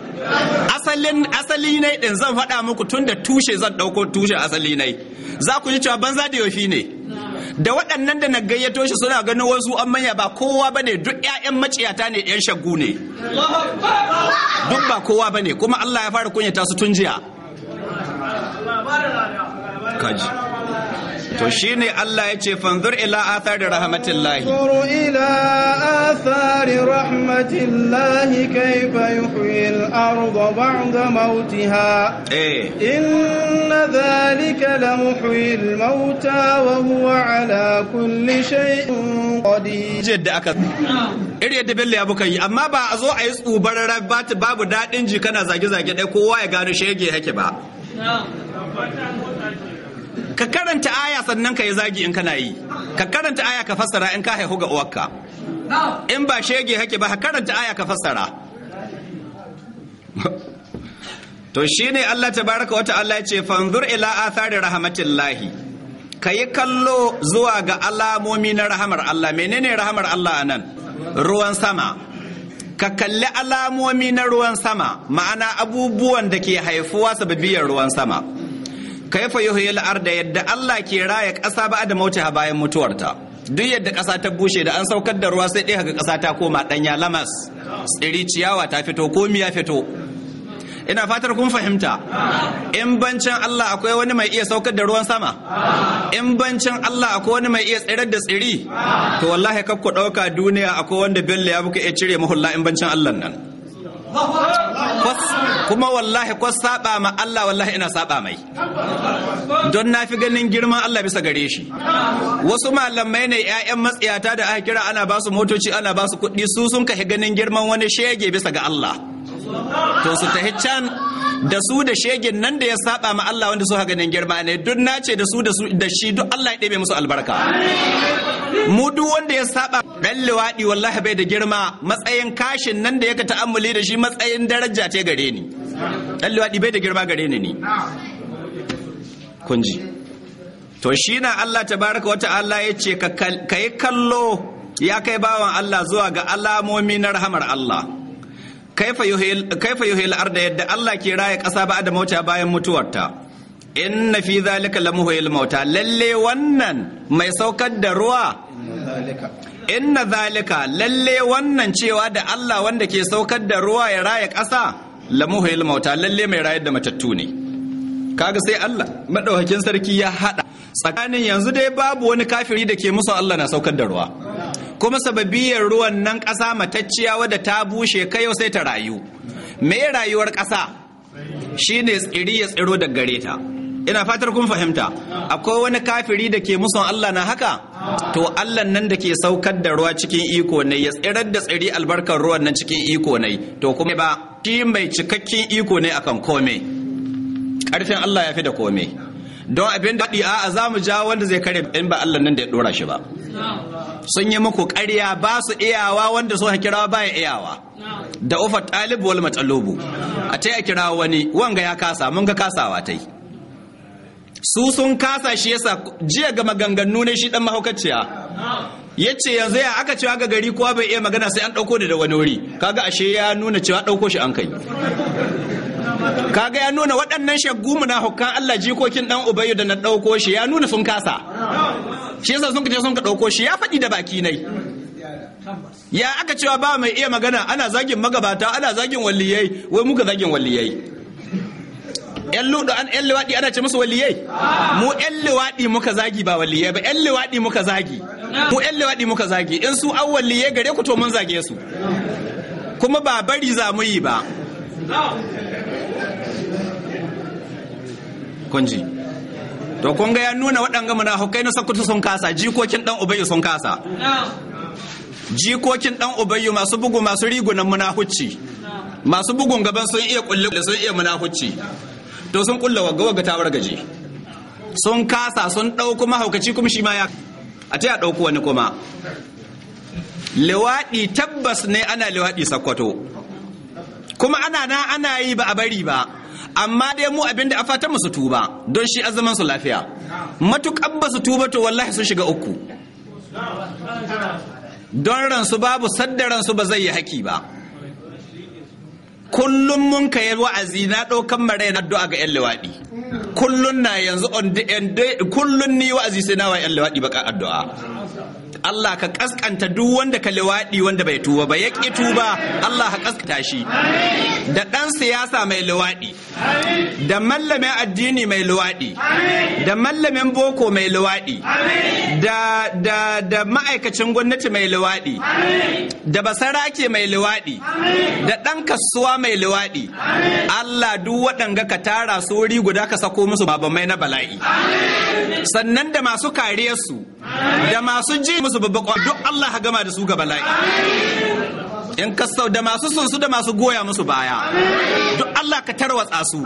asalin asali ne ɗin zan faɗa muku tun da tushe zan ɗauko tushen asali ne za ku ji cewa banza da yofi ne da waɗannan da na gayyato shi suna ganin wasu an manya ba kowa ba ne duk 'ya'yan maciyata ne 'yan shaggu ne duk ba kowa ba ne kuma allah ya fara kunyata su tun jiya to shi ne Allah ya ce fanzur ila athari rahmatillahi fanzur ila athari rahmatillahi kayfa yuhyi al-ardh ba'da mawtiha eh inna zalika la muhyi al-mauta wa huwa ala kulli shay'in qadir jidda aka iri yadda bello ya buka yi amma ba a zo a yi tsubar babu dadin ji kana zage-zage dai kowa ya gano shege hake ba ka karanta aya sannan ka yi zagi in kana yi ka karanta aya ka fassara in ka haihu ga uwarka in ba shege hake ba ka karanta aya ka fassara [LAUGHS] to shi ne Allah ta baraka wata Allah ya ce fanzur ila athari rahmatillahi ka yi kallo zuwa ga alamomi na rahamar Allah menene rahamar Allah anan ruwan sama ka kalli alamomi na ruwan sama ma'ana abubuwan da ke haifuwa sababiyar ruwan sama kaifa yuhyil arda yadda Allah ke raya kasa ba da a bayan mutuwarta duk yadda ƙasa ta bushe da an saukar da ruwa sai ɗaya ga ƙasa ta koma ɗanya lamas tsiri ciyawa ta fito ko miya fito ina fatar kun fahimta in bancin Allah akwai wani mai iya saukar da ruwan sama in bancin Allah akwai wani mai iya tsirar da tsiri to wallahi kakku ɗauka duniya akwai wanda bello ya buka iya cire mahulla in bancin Allah nan kuma wallahi ko saba ma Allah wallahi ina saba mai don na fi ganin girman Allah bisa gare shi wasu malamai ne 'ya'yan matsiyata da aka kira ana ba su motoci ana ba su kuɗi su sun kahi ganin girman wani shege bisa ga Allah to su ta can da su da shegin nan da ya saba ma Allah wanda su haganin girma ne duk ce da su da shi duk Allah ya ɗebe musu albarka mu duk wanda ya saba Ɗan liwaɗi wallahi bai da girma matsayin kashin nan da yaka ta'ammuli da shi matsayin daraja ce gare ni Ɗan liwaɗi bai da girma gare ni ne kunji to shi na Allah tabaraka wa ta'ala ya ce ka yi kallo ya kai bawan Allah zuwa ga alamomi na rahamar Allah kaifa yuhil arda yadda Allah ke raya ƙasa ba da mauta bayan mutuwarta inna fi zalika lamuhil mauta lalle wannan mai saukar da ruwa inna zalika lalle wannan cewa da Allah wanda ke saukar da ruwa ya raya ƙasa lamuhil mauta lalle mai rayar da matattu ne kaga sai Allah madaukakin sarki ya hada tsakanin yanzu dai babu wani kafiri da ke musu Allah na saukar da ruwa kuma sababiyar ruwan nan ƙasa matacciya wadda ta bushe yau sai ta rayu me rayuwar ƙasa shine tsiri ya tsiro da gare ta ina fatar kun fahimta akwai wani kafiri da ke muson Allah na haka to Allah nan da ke saukar da ruwa cikin iko ne ya tsirar da tsiri albarkar ruwan nan cikin iko ne to kuma ba shi mai cikakken iko ne akan komai ƙarfin Allah ya fi da komai don abin da a za mu ja wanda zai kare in ba Allah nan da ya dora shi ba sun yi muku ƙarya ba su iyawa wanda so kira ba ya iyawa da ufa talib wal matalubu a ta kira wani wanga ya kasa mun ga kasawa ta su sun kasa shi yasa jiya ga maganganu ne shi dan mahaukaciya ya ce yanzu ya aka cewa ga gari kowa bai iya magana sai an ɗauko da wani wuri kaga ashe ya nuna cewa ɗauko shi an kai kaga ya nuna waɗannan shaggu hukkan Allah jikokin dan Ubayyu da na ɗauko shi ya nuna sun kasa shi yasa sun kace sun ka ɗauko shi ya faɗi da baki nai ya aka cewa ba mai iya magana ana zagin magabata ana zagin waliyai wai muka zagin waliyai yan ludo an yan liwaɗi ana ce musu waliyai mu yan liwaɗi muka zagi ba waliyai ba yan liwaɗi muka zagi mu yan liwaɗi muka zagi in su an waliyai gare ku to mun zage su kuma ba bari za mu yi ba kwanji to kun ga ya nuna waɗanga hukai na sakutu sun kasa jikokin dan ubayyu sun kasa jikokin dan ubayyu masu bugu masu rigunan munahucci masu bugun gaban sun iya kulle sun iya munahucci to sun kulla wagga wagga ta wargaje sun kasa sun ɗauko mahaukaci kuma shi ma ya a ta ya ɗauko wani kuma liwaɗi tabbas ne ana liwaɗi sakwato kuma ana na ana yi ba a bari ba amma dai mu abin da a fatan su tuba don shi azaman su lafiya matuƙar ba su tuba to wallahi sun shiga uku don ransu babu sadda ransu ba zai yi haki ba kullum mun ka wa'azi na ɗaukan mare na addu'a ga 'yan liwaɗi kullum na yanzu kullum ni wa'azi sai na wa 'yan ba baka addu'a Allah ka kaskanta duk wanda ka liwaɗi wanda bai tuba ba ya ƙi tuba Allah ka kaskanta shi da ɗan siyasa mai liwaɗi da mallamin addini mai liwaɗi da mallamin boko mai liwaɗi da da ma'aikacin gwamnati mai liwaɗi da basarake mai liwaɗi da ɗan kasuwa mai liwaɗi Allah duk waɗanga ka tara sori guda ka sako musu babamai na bala'i sannan da masu kariyarsu da masu ji musu babbakon duk Allah ha gama da su ga bala'i in ka sau da masu sun su da masu goya musu baya duk Allah ka tarwatsa su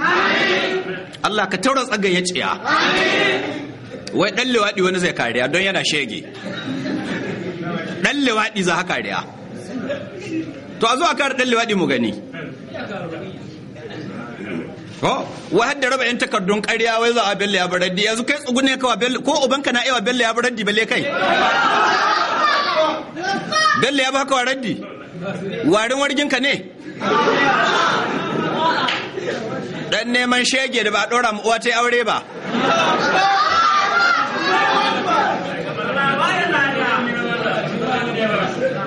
Allah ka tarwatsa gayyaciya wai dan lewaɗi wani zai kariya don yana shege dan lewaɗi za ha kariya to a zuwa kare dan lewaɗi mu gani wa hadda raba yan takardun ƙarya wai za a bella ya baraddi yanzu kai tsugune ka bello ko ubanka na iya bella ya baraddi balle kai bella ya baka waraddi warin wargin ka ne dan neman shege da ba dora mu uwa ta aure ba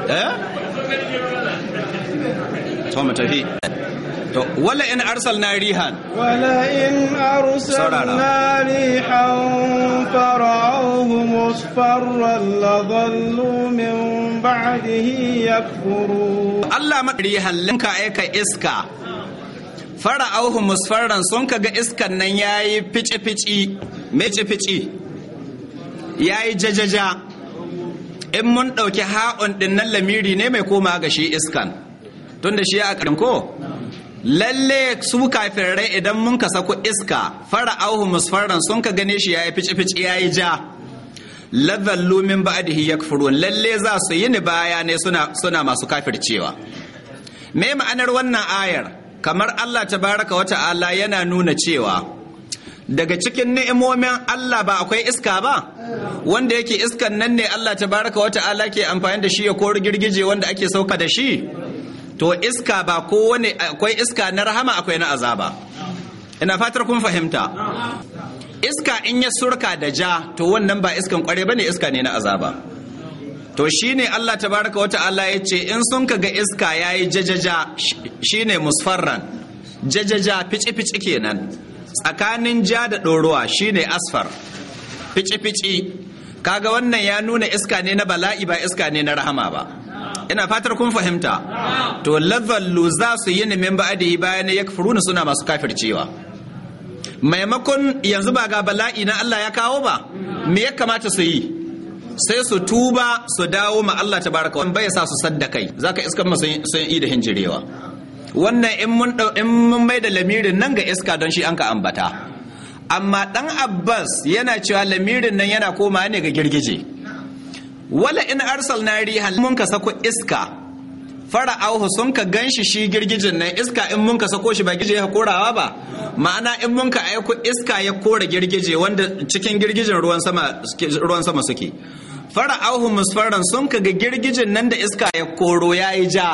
eh? to Tom, tafi. to wala in na rihan wala in na rihan fara'uhu musfarran la dhallu min ba'dihi yakfuru Allah ma rihan ka aika iska fara'uhu musfarran sun kaga iskan nan yayi fici fici mece fici yayi jajaja in mun dauki ha'un din nan lamiri ne mai koma ga shi iskan tunda shi a karin ko lalle su kafirai idan mun ka sako iska fara auhu musfarran sun ka gane shi yayi fici fici yayi ja ladhallu min ba'dihi yakfurun lalle za su yi ni baya ne suna suna masu kafircewa me ma'anar wannan ayar kamar Allah tabaraka wa ta'ala yana nuna cewa daga cikin ni'imomin Allah ba akwai iska ba wanda yake iskan nan ne Allah tabaraka wa ta'ala ke amfani da shi ya kori girgije wanda ake sauka da shi to iska ba kowane akwai iska na rahama akwai na azaba ina fatar kun fahimta iska in ya surka da ja to wannan ba iskan kware bane iska ne na azaba to shine Allah tabaraka wa ta'ala ya ce in sun kaga iska yayi jajaja shine musfarran jajaja fici fici kenan tsakanin ja da ɗoruwa shine asfar fici fici kaga wannan ya nuna iska ne na bala'i ba iska ne na rahama ba ina fatar kun fahimta to lavallu za su yi min ba'adihi bayan ya kafuruna suna masu kafircewa maimakon yanzu ba ga bala'i na Allah ya kawo ba me ya kamata su yi sai su tuba su dawo ma Allah ta baraka wani sa su sadda kai Za ka iska mu sun yi da hinjirewa wannan in mun in mun mai da lamirin nan ga iska don shi an ka ambata amma dan Abbas yana cewa lamirin nan yana koma ne ga girgije wala in na rihan mun ka sako iska auhu sun ka ganshi shi girgijin nan iska in mun ka sako shi ba girgije ya korawa ba ma'ana in mun ka aiko iska ya kora girgije wanda cikin girgijin ruwan sama ruwan sama suke fara'auhu musfaran sun ka ga girgijin nan da iska ya koro ya yi ja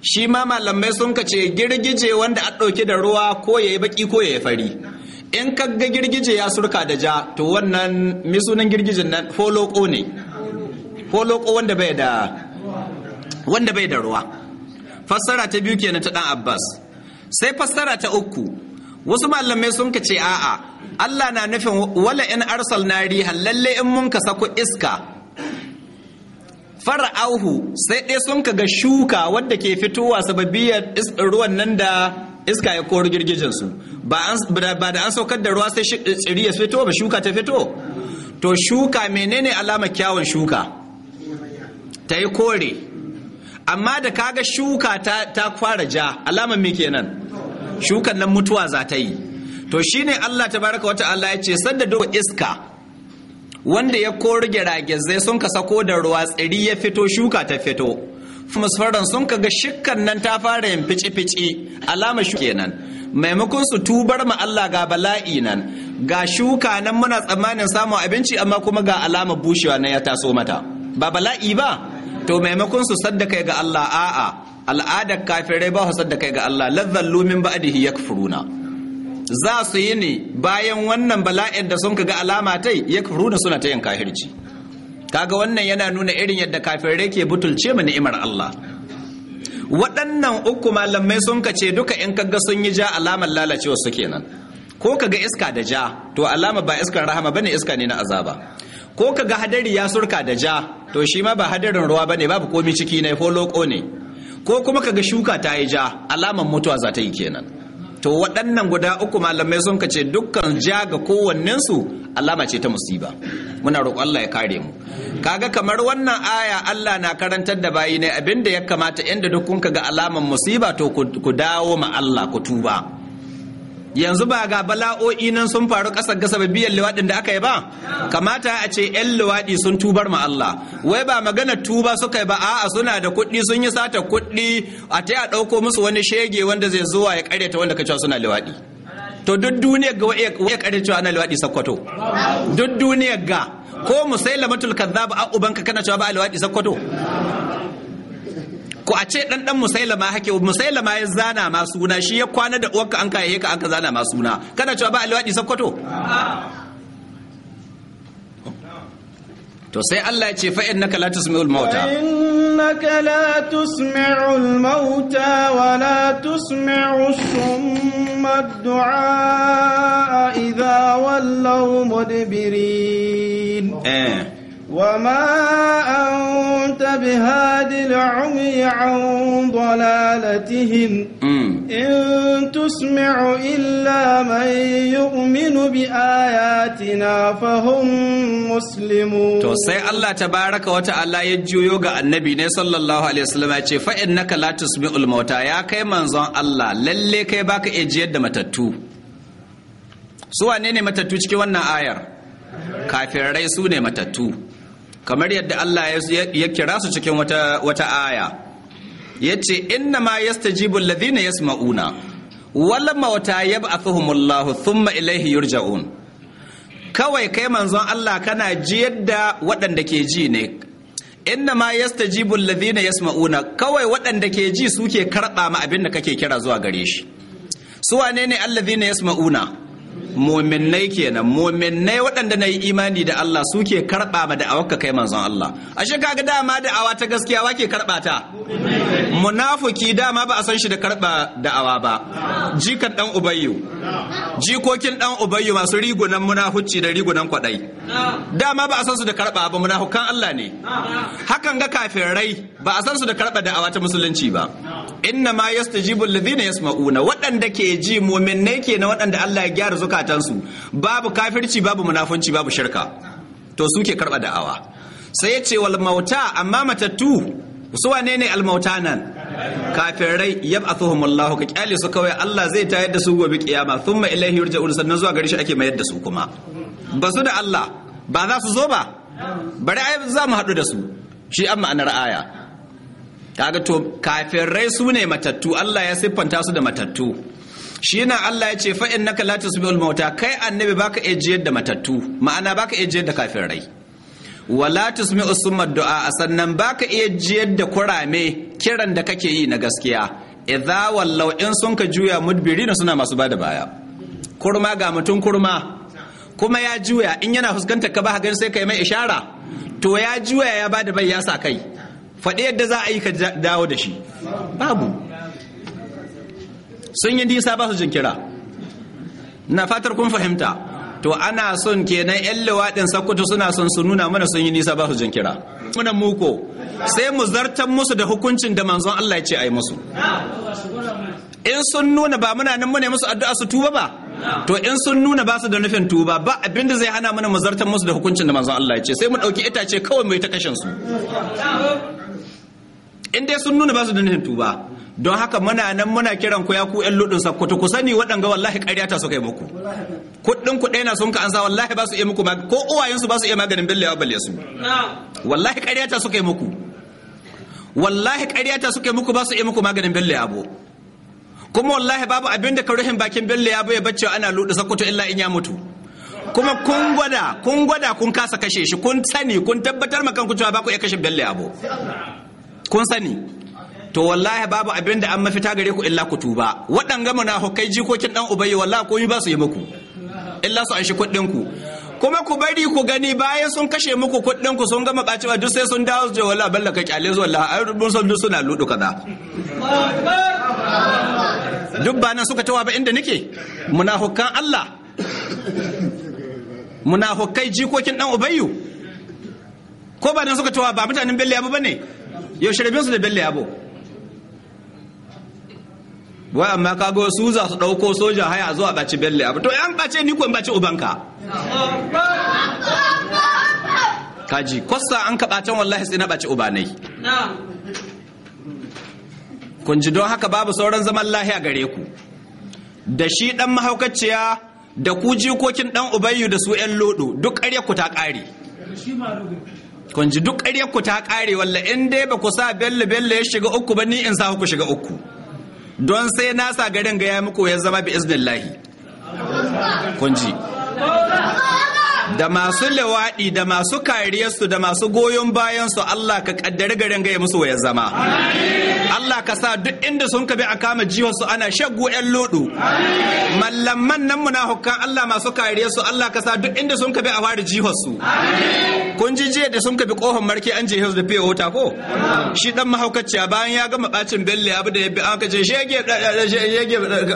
shi ma malamai sun ka ce girgije wanda a ɗauke da ruwa ko yayi baki ko yayi fari in ka ga girgije ya surka da ja to wannan misunan girgijin nan foloko ne ko loko wanda bai da wanda bai da ruwa fassara ta biyu kenan ta dan abbas sai fassara ta uku wasu malamai sun ce a'a Allah na nufin wala in arsal nari lalle in mun ka sako iska auhu sai dai sun ka ga shuka wadda ke fitowa sababiyar ruwan nan da iska ya kori girgijin su ba da an saukar da ruwa sai tsiri ya fito ba shuka ta fito to shuka menene alama kyawun shuka ta yi kore amma da kaga shuka ta fara ja alamar me kenan shukan nan mutuwa za ta yi to shine Allah Ta baraka wata Allah ya ce sadda dogo iska wanda ya kori giragizai sun ka sako da ruwa tsiri ya fito shuka ta fito musfaran sun ka ga shikan nan ta fara yin fici-fici alama shuka kenan maimakon su tubar ma Allah ga bala'i nan ga shuka nan muna tsammanin samun abinci amma kuma ga alama bushewa na ya taso mata ba bala'i ba to maimakon su sadda kai ga Allah a'a al'adar kafirai ba su sadda kai ga Allah lazzallu min ba'dihi yakfuruna za su yi ne bayan wannan bala'in da sun ga alama tai yakfuruna suna ta yin kafirci kaga wannan yana nuna irin yadda kafirai ke butulce mu ni'imar Allah waɗannan uku malamai sun ka ce duka in kaga sun yi ja alamar lalacewa su kenan ko kaga iska da ja to alama ba iskar rahama bane iska ne na azaba ko ka ga hadari ya surka da ja to shi ma ba hadarin ruwa bane babu komi ciki ne ko loko ne ko kuma ka ga shuka ta yi ja alaman mutuwa za ta yi kenan to waɗannan guda uku malamai sun kace dukkan ja ga kowannensu alama ce ta musiba muna roƙon Allah ya kare mu kaga kamar wannan aya Allah na karantar da bayi ne abinda ya kamata inda duk kun ga alaman musiba to ku dawo ma Allah ku tuba yanzu ba ga bala'o'i nan sun faru ƙasar gasa biyan liwaɗin da aka yi ba kamata a ce 'yan liwaɗi sun tubar ma Allah wai ba magana tuba suka yi ba a'a suna da kuɗi sun yi sata kuɗi a ta a ɗauko musu wani shege wanda zai zuwa ya ta wanda ka cewa suna liwaɗi to duk duniyar ga ya ƙare cewa ana liwaɗi sakkwato duk duniyar ga ko musailamatul kadhab a ubanka kana cewa ba liwaɗi sakkwato ko a ce dan dan musailama hake musailama ya zana ma suna shi ya kwana da uwarka an kaye ka aka zana ma suna kana cewa ba alwadi sakkwato to sai Allah ya ce fa innaka la tusmi'ul mauta innaka la tusmi'ul mauta wa la tusmi'u summa du'a idha wallaw mudbirin eh وما أنت بهاد العمي عن ضلالتهم إن تسمع إلا من يؤمن بآياتنا فهم مسلمون to sai Allah tabaraka wa ta'ala ya juyo ga annabi ne sallallahu alaihi wasallam ya ce fa innaka la tusmi'ul mauta ya kai manzon Allah lalle kai baka iya jiyar da matattu su wanene matattu cikin wannan ayar kafirai su ne matattu kamar yadda Allah ya kira su cikin wata aya aya yace inna ma yastajibu wata ya ba a yab'athuhumullahu thumma ilayhi yurja'un kawai kai manzon Allah kana ji yadda waɗanda ke ji ne inna ma ya suma una kawai waɗanda ke ji suke karɓa ma abin da kake kira zuwa gare shi su wanene ne mominai kenan mominai waɗanda na yi imani da Allah suke karɓa ma da'awarka kai manzon Allah ashe kaga dama da'awa ta gaskiya wake karɓa ta munafiki dama ba a san shi da karɓa da'awa ba jikan dan ubayyu jikokin dan ubayyu masu rigunan munafuci da rigunan kwaɗayi. dama ba a san su da karɓa ba munafukan Allah ne hakan ga kafirai ba a san su da karɓa da'awa ta musulunci ba inna ma yastajibu alladhina yasma'una waɗanda ke ji mu'minai ke na waɗanda Allah ya gyara su babu kafirci babu munafunci babu shirka to su ke karɓa da'awa sai ya ce wal mauta amma matattu su wane ne almauta nan kafirai yab'athuhum Allah ka kyale su kawai Allah zai tayar da su gobe kiyama thumma ilayhi yurja'un sannan zuwa gari shi ake mayar da su kuma ba su da Allah ba za su zo ba bari ai za mu haɗu da su shi amma an ra'aya. kaga to kafirai su ne matattu Allah ya siffanta su da matattu shi na Allah ya ce fa'in naka la tasbihul mauta kai annabi baka iya jiyar da matattu ma'ana baka iya jiyar da kafirai wala tusmi'u summa du'a sannan baka iya jiyar da kurame kiran da kake yi na gaskiya idza wallau in sun ka juya mudbirina suna masu bada baya kurma ga mutum kurma kuma ya juya in yana fuskantar ka ba gani sai kai mai ishara to ya juya ya bada bai ya sa kai faɗi yadda za a yi ka dawo da shi babu sun yi nisa ba su jinkira na fatar kun fahimta to ana son kenan yan lewaɗin sakkwato suna son su nuna mana sun yi nisa ba su jinkira muna muko sai mu zartan musu da hukuncin da manzon Allah ya ce a yi musu in sun nuna ba muna nan mune musu addu'a su tuba ba to in sun nuna ba su da nufin tuba ba abinda zai hana mana mu zartan musu da hukuncin da manzon Allah ya ce sai mu ɗauki itace kawai mai ta kashin su in dai sun nuna ba su da nufin tuba don haka muna nan muna kiran ku ya ku yan ludin sa ku sani waɗanga wallahi ƙarya ta suka yi muku kuɗin ku ɗaya sun ka sa wallahi ba su iya muku ko uwayensu ba su iya maganin billewa balle su wallahi ƙarya ta suka yi muku wallahi ƙarya ta suka yi muku ba su iya muku maganin billewa abu. kuma wallahi babu abin da karuhin bakin billewa abu ya bacci ana ludin kuto illa in ya mutu kuma kun gwada kun gwada kun kasa kashe shi kun sani kun tabbatar makan ku cewa ba ku iya kashe billewa bo kun sani to wallahi babu abin da an mafita gare ku illa ku tuba na hukai jikokin dan ubayyi wallahi komai ba su yi muku illa su anshi kuɗin ku kuma ku bari ku gani bayan sun kashe muku kuɗin ku sun gama ɓacewa duk sai sun dawo su je wallahi balla ka kyale zuwa wallahi ai rubun sun suna ludu kaza duk ba nan suka tawa ba inda nake munafukan Allah munafukai jikokin dan ubayyu ko ba nan suka tawa ba mutanen bella ba ne yaushe rabin su da bello yabo wai amma kago su za su ɗauko soja haya zuwa Baci bello abu to yan ɓace ni ko in ɓaci ubanka kaji kosta an ka can wallahi sai na ɓaci ubanai kun ji don haka babu sauran zaman lahiya gare ku da shi ɗan mahaukaciya da ku jikokin ɗan ubayyu da su 'yan lodo duk ƙarya ku ta ƙare kun ji duk ƙaryar ku ta ƙare walla in dai ba ku sa bello bello ya shiga uku ba ni in sa ku shiga uku don sai na sa garin gaya ya muku ya zama bi iznillahi kun ji da masu lewaɗi da masu kariyarsu da masu goyon bayansu Allah ka kaddari garin gaya musu waya zama Allah ka sa duk inda sun ka bi a kama jihosu ana shaggu yan lodu mallaman nan muna hukkan Allah masu kariyarsu Allah ka sa duk inda sun ka bi a fara jihosu kun ji jiya da sun ka bi kohon marke an jihar da fiye wuta ko shi dan a bayan ya gama bacin belle abu da ya bi an ka ce shege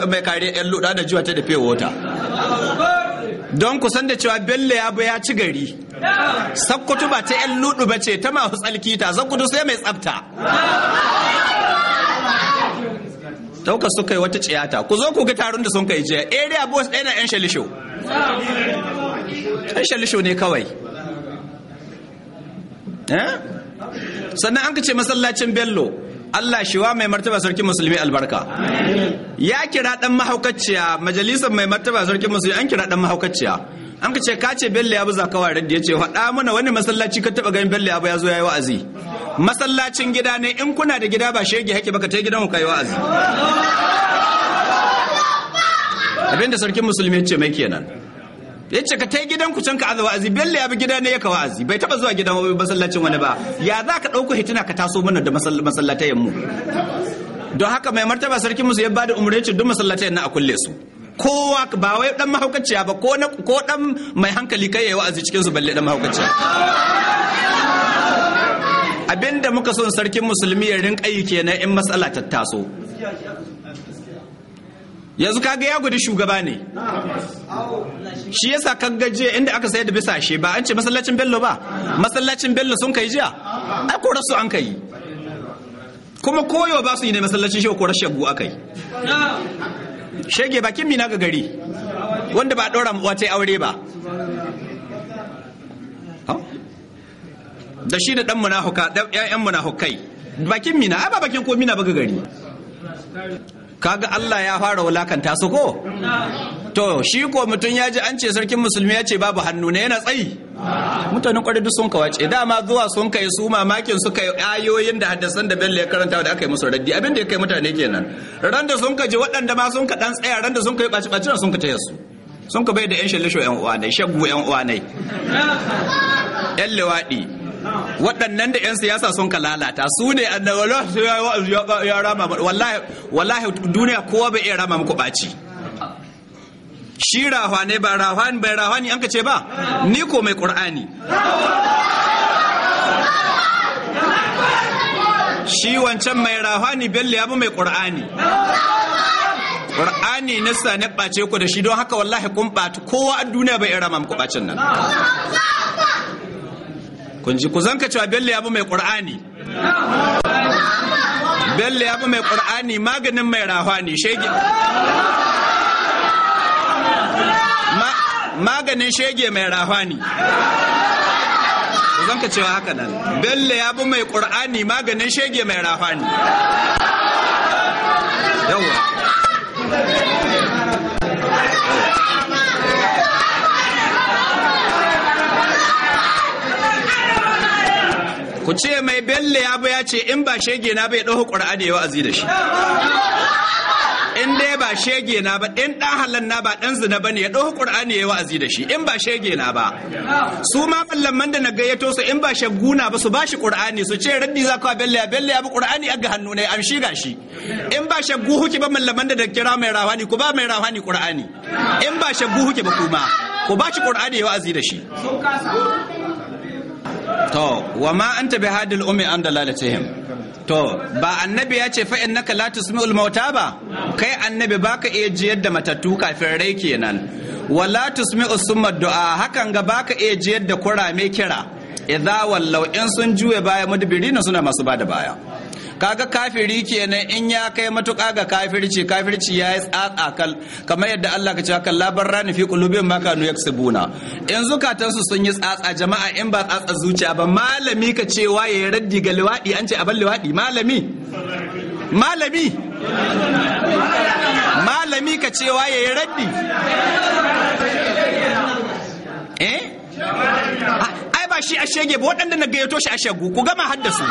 mai kariyar yan lodu da jiwa ta da fiye wuta don ku san da cewa bello ya ya ci gari Sakkutu ba ta 'yan ludu ba ce ta masu tsalki ta sakkwato sai mai tsafta ɗaukar su yi wata ciyata ku zo ku ga taron da sun kai jiya area boss ɗaya na 'yan shalisho 'yan shalisho ne kawai eh? sannan an ka ce masallacin bello Allah shi wa mai martaba sarkin musulmi albarka ya kira dan mahaukaciya majalisar mai martaba sarkin musulmi an kira dan mahaukaciya an ka ce ka ce bello ya bi zakawa da ya ce faɗa mana wani masallaci ka taɓa ganin bello ya bi ya zo ya yi wa'azi masallacin gida ne in kuna da gida ba shege hake ka ta gidan ku kai wa'azi abinda sarkin musulmi ya ce mai kenan ya ce ka yi gidan ku can ka azawa azi. bello ya bi gida ne ya ka wa'azi bai taba zuwa gidan masallacin wani ba ya za ka ɗauko hitina ka taso mana da masallatayen mu don haka mai martaba sarkin musu ya bada ce duk masallatayen na a kulle su kowa ba wai dan mahaukaciya ba ko ko dan mai hankali kai yayi wa'azi cikin su balle dan mahaukaciya abinda muka son sarkin musulmi ya rinka yi kenan in matsala ta taso yanzu kaga ya gudu shugaba ne shi yasa kaga jiya inda aka sayar da bisashe ba an ce masallacin bello ba masallacin bello sun kai jiya ai ko rasu an kai kuma koyo ba su yi ne masallacin shi ko rashagu aka yi shege bakin mina ga gari wanda ba a ɗora wace aure ba da shi da ɗan munafuka ɗan munafukai bakin mina ai ba bakin ko mina ba ga gari kaga Allah ya fara wulakanta su ko to shi ko mutum ya ji an ce sarkin musulmi ya ce babu hannu ne yana tsayi mutanen kwarai duk sun kawace dama zuwa sun kai su mamakin su kai ayoyin da haddasan da bello ya karanta da aka yi musu raddi abin da ya kai mutane kenan ran da sun ka ji waɗanda ma sun ka dan tsaya ran da sun kai ɓaci baci sun ka taya su sun ka bai da yan shallisho yan uwa ne shaggu yan uwa ne yan liwaɗi waɗannan da 'yan siyasa sun ka lalata su ne ya rama wallahi duniya kowa bai iya rama muku ɓaci shi rahwa ne ba rahwa bai rahwa ne an ka ce ba ni ko mai ƙur'ani shi wancan mai rahani ne ya bi mai ƙur'ani ƙur'ani na sani ɓace ku da shi don haka wallahi kun ɓatu kowa a duniya bai rama muku ɓacin nan kun ji ku zanka cewa belle ya bi mai qur'ani belle ya bi mai qur'ani maganin mai rahwani shege maganin shege mai rahwani zan ka cewa haka nan belle ya bi mai qur'ani maganin shege mai rahani yawa ku ce mai belle ya ba ya ce in ba shege na bai ɗauka ƙur'ani ya wa'azi da shi in dai ba shege na ba in dan halan na ba dan zina bane ya dauki ƙur'ani yayi wa'azi da shi in ba shege na ba su ma mallaman da na gayyato su in ba shaguna ba su ba shi ƙur'ani su ce raddi za ka belle ya belle ya bi ƙur'ani a ga hannu ne amshi gashi in ba shagu huke ba mallaman da kira mai rawani ku ba mai rawani ƙur'ani in ba shagu huke ba kuma ku ba shi ƙur'ani yayi wa'azi da shi to wa ma anta bi hadil ummi an dalalatihim to ba annabi ya ce fa innaka la tusmi'ul mauta ba kai annabi baka iya jiyar da matattu kafin rai kenan wala tusmi'us summa du'a hakan ga baka iya jiyar da kurame kira idza wallau in sun juye baya mudbirina suna masu bada baya kaga kafiri kenan in ya kai matuƙa ga kafirci kafirci ya yi tsakakal kamar yadda Allah ka cewa kan labar rani fi kulubin maka nu yaksubuna in zukatansu sun yi tsatsa jama'a in ba tsatsa zuciya ba malami ka cewa ya yi raddi ga liwadi an ce aban liwadi malami malami malami ka cewa ya yi raddi eh ba shi a shege ba waɗanda na gayyato shi a shaggu ku gama hadda su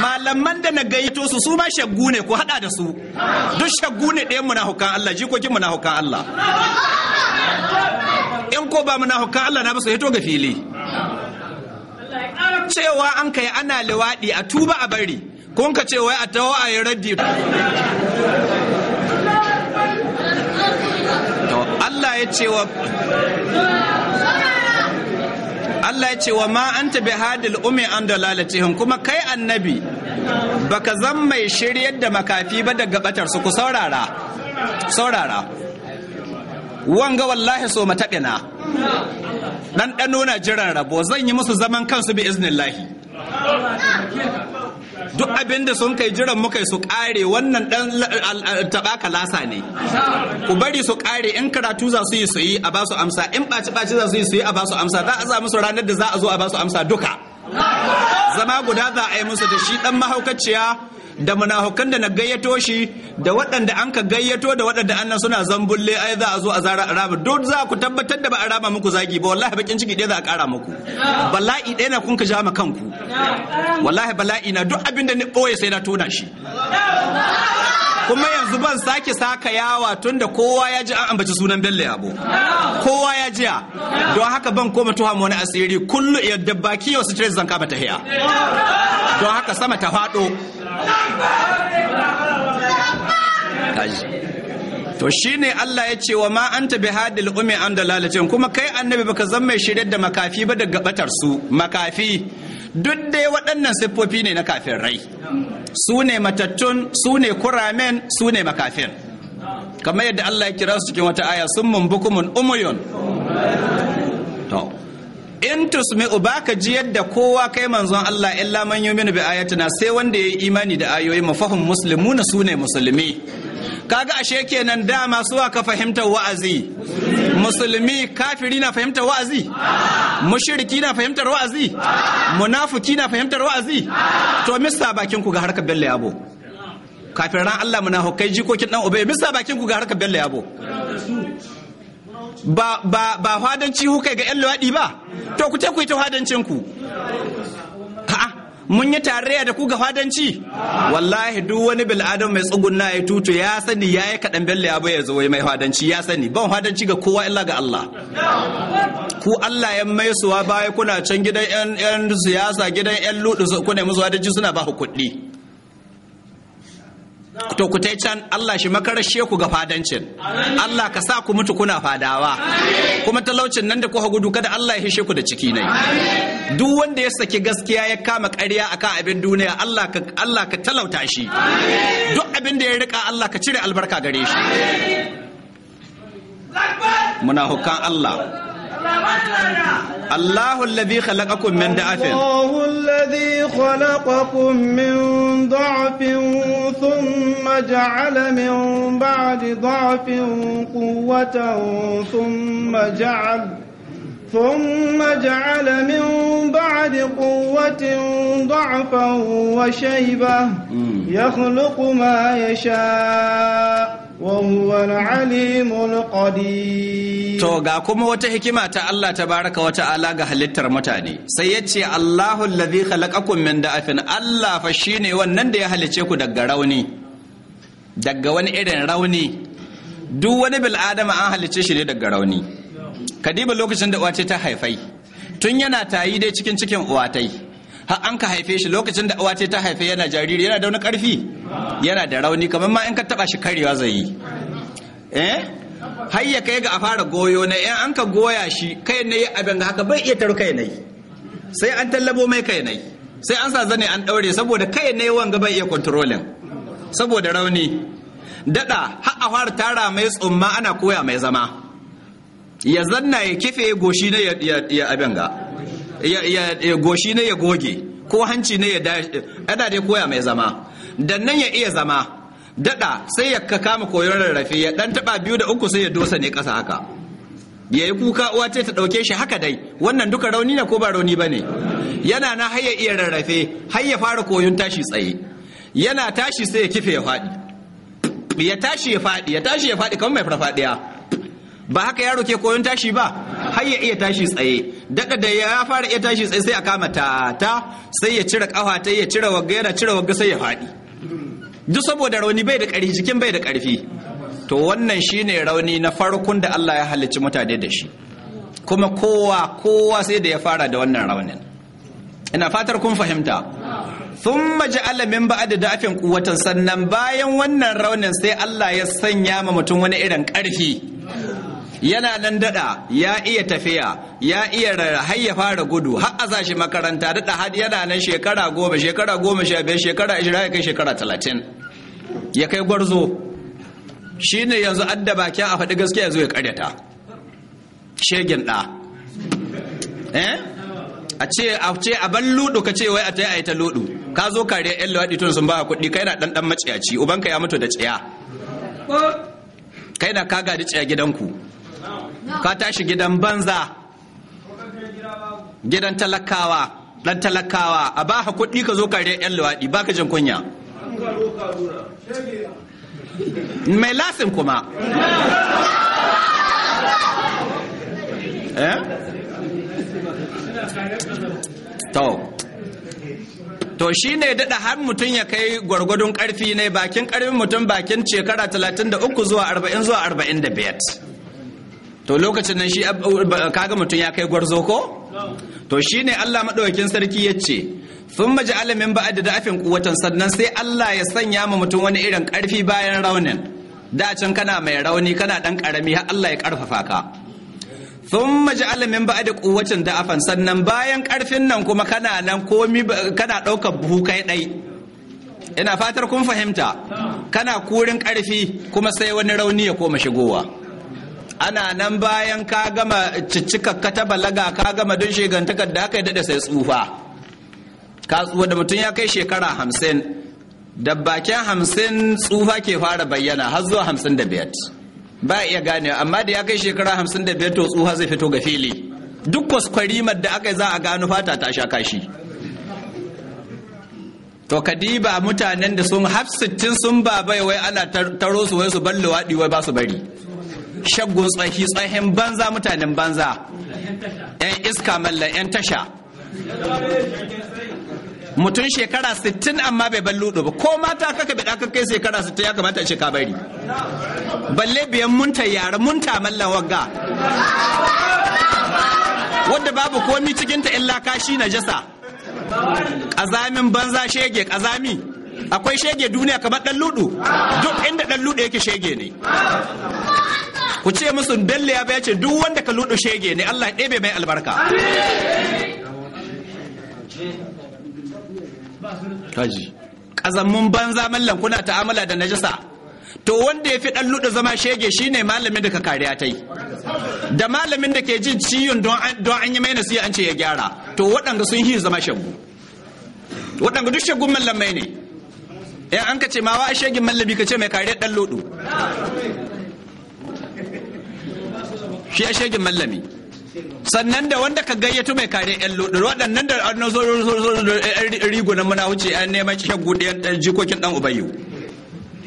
malaman da na gayyato su su ma shaggu ne ku hada da su duk shaggu ne ɗayan munafukan Allah jikokin munafukan Allah in ko ba munafukan Allah na ba su hito ga fili cewa an kai ana liwaɗi a tuba a bari kun ka ce wai a taho a yi raddi Allah ya ce wa Allah ya ce wa ma an tabi hadil umi an dalalatihim kuma kai annabi baka zan mai shiryar da makafi ba daga batar su ku saurara saurara wanga wallahi so mataɓina ɗanɗano na jiran rabo zan yi musu zaman kansu bi iznillahi duk abin da sun kai jiran muka su kare wannan dan tabaka lasa ne ku bari su kare in karatu za su yi su yi a ba su amsa in baci baci za su yi su yi a ba su amsa za a za musu ranar da za a zo a ba su amsa duka zama guda za a yi musu da shi dan mahaukaciya da munafukan da na gayyato shi da waɗanda an ka gayyato da waɗanda annan suna zambulle ai za a zo a zara araba duk za ku tabbatar da ba a raba muku zagi ba wallahi bakin ciki ɗaya za a ƙara muku bala'i ɗaya na kun ka ja kanku wallahi bala'i na duk abin da ni ɓoye sai na tona shi kuma yanzu ban sake saka yawa tunda kowa ya ji an ambaci sunan bello yabo kowa ya jiya don haka ban koma tuha wani asiri kullu yadda baki yau su zan kaba ta hiya don haka sama ta faɗo to shi ne Allah ya ce wa ma anta hadil ummi an dalalatin kuma kai annabi baka zan mai shirya da makafi ba da gabatar su makafi duk dai waɗannan siffofi ne na kafin rai su ne matattun su ne kuramen su ne makafin kamar yadda Allah ya kira su cikin wata aya sun mun bukumun umuyun in tusmi'u baka ji yadda kowa kai manzon Allah illa man yuminu bi ayatina sai wanda yayi imani da ayoyi mafahum muslimuna sune musulmi kaga ashe kenan dama su aka fahimta wa'azi musulmi kafiri na fahimtar wa'azi mushriki na fahimtar wa'azi munafiki na fahimtar wa'azi to mista bakin ku ga harkar bello yabo kafiran Allah munafukai jikokin dan ubay mista bakin ku ga harkar bello yabo ba ba ba hadanci kuka ga yan luwaɗi ba to ku ku yi ta hadancin ku a'a mun yi tarayya da ku ga fadanci wallahi duk wani bil adam mai tsugunna ya tutu ya sani ya yi kaɗan bello ya bayar zuwa mai fadanci ya sani ban fadanci ga kowa illa ga Allah ku Allah ya mai suwa baya kuna can gidan yan siyasa gidan yan ludu kuna musu fadanci suna ba ku kuɗi to ku can Allah shi makarashe ku ga fadancin Allah ka sa ku mutu kuna fadawa kuma talaucin nan da kuka gudu kada Allah ya hishe ku da ciki ne. duk wanda ya saki gaskiya ya kama ƙarya akan abin duniya Allah ka Allah ka talauta shi duk abin da ya rika Allah ka cire albarka gare shi muna hukan Allah الله الذي خلقكم من ضعف الله الذي خلقكم من ضعف ثم جعل من بعد ضعف قوة ثم جعل ثم جعل من بعد قوة ضعفا وشيبة يخلق ما يشاء To ga kuma wata hikima ta Allah ta baraka wata ala ga halittar mutane sai ya ce Allahu allazi khalaqakum min da'afin Allah fa shine wannan da ya halice ku daga rauni daga wani irin rauni duk wani bil'adama an halice shi ne daga rauni kadiba lokacin da uwace ta haifai tun yana tayi dai cikin cikin uwatai har an ka haife shi lokacin da uwa ce ta haife yana jariri yana da wani karfi yana da rauni kamar ma in ka taba shi karewa zai yi eh har ya kai ga a fara goyo na in an ka goya shi kai ne abin haka bai iya taru kai ne sai an tallabo mai kai ne sai an sa zane an daure saboda kai ne wanga bai iya controlling saboda rauni dada har a fara tara mai tsumma ana koya mai zama ya zanna ya kife goshi na ya abin ga ya goshi ne ya goge ko hanci ne ya ana dai koya mai zama dan nan ya iya zama dada sai ya kama koyon rarrafe ya dan taba biyu da uku sai ya dosa ne kasa haka ya yi kuka uwa ce ta ɗauke shi haka dai wannan duka rauni ne ko ba rauni ba ne yana na haya iya rarrafe har ya fara koyon tashi tsaye yana tashi sai ya kife ya faɗi ya tashi ya faɗi ya tashi ya faɗi kamar mai farfadiya ba haka yaro ke koyon tashi ba har ya iya tashi tsaye Daga da ya fara iya tashi tsaye sai a kama tata sai ya cire kafa ta ya cire wagga yana cire wagga sai ya faɗi duk saboda rauni bai da ƙarfi jikin bai da ƙarfi to wannan shine rauni na farkon da Allah ya halicci mutane da shi kuma kowa kowa sai da ya fara da wannan raunin ina fatar kun fahimta sun maji min ba'ad da dafin kuwatan sannan bayan wannan raunin sai Allah ya sanya ma mutum wani irin ƙarfi yana nan dada ya iya tafiya ya iya har ya fara gudu har a shi makaranta dada har yana nan shekara goma shekara goma sha biyar shekara ashirin ya kai shekara talatin ya kai gwarzo Shi ne yanzu adda bakin a faɗi gaskiya zuwa ya karyata shegin ɗa eh? a ce a ce a ban ludu ka ce wai a tayi a yi ta ludu ka zo kare yan lawadi tun sun ba kuɗi kai na dan dan maciyaci ubanka ya mutu da tsiya kai na ka gadi tsiya gidanku ka tashi gidan banza gidan talakawa dan talakawa a ba ka kuɗi ka zo kare yan luwaɗi ba ka jin kunya mai lasin kuma eh to to shi ne daɗa har mutum ya kai gwargwadon ƙarfi ne bakin ƙarfin mutum bakin shekara 33 zuwa 40 zuwa 45 to lokacin nan shi kaga mutum ya kai gwarzo ko to shi ne Allah maɗaukakin sarki ya ce, sun maji alamin ba da dafin kuwatan sannan sai Allah ya sanya ma mutum wani irin ƙarfi bayan raunin da can kana mai rauni kana ɗan ƙarami, har Allah ya ƙarfafa ka sun maji alamin ba da kuwacin da'afan sannan bayan ƙarfin nan kuma kana nan komi kana ɗaukar buhu kai ɗai ina fatar kun fahimta kana kurin ƙarfi kuma sai wani rauni ya koma shigowa ana nan bayan ka gama cicika ka ta balaga ka gama don shegantakar da aka yi daɗa sai tsufa ka tsuwa da mutum ya kai shekara hamsin da bakin hamsin tsufa ke fara bayyana har zuwa hamsin da biyar ba iya gane amma da ya kai shekara hamsin da biyar to tsufa zai fito ga fili duk kwaskwarimar da aka yi za a gano fata ta sha kashi to kadiba mutanen da sun hafsittin sun babai wai ana taro su wai su ballo luwaɗi wai ba su bari shaggun tsaki tsahin banza mutanen banza yan iska mallan yan tasha mutum shekara 60 amma bai ban ludo ba ko mata kaka bida ka kai shekara 60 ya kamata a ce ka bari balle biyan munta yara munta mallan wagga wadda babu komi cikinta illa kashi na jasa ƙazamin banza shege ƙazami akwai shege duniya kamar ɗan ludo duk inda ɗan ludo yake shege ne ku ce musu bello ya ce duk wanda ka ludu shege ne Allah ya ɗebe mai albarka kaji kazammun banza mallan kuna ta'amala da najasa to wanda ya fi dan ludu zama shege shine malamin da ka kariya ta yi da malamin da ke jin ciyon don an yi mai nasiya an ce ya gyara to waɗanda sun yi zama shagu waɗanda duk shagun mallamai ne Ya eh, an ka ce ma wa shegin mallami ka ce mai kariya ɗan ludu shi ya shegin mallami sannan da wanda ka gayyato mai kare yan lodar waɗannan da na zo rigunan muna wuce an neman shagu dan jikokin ɗan ubayu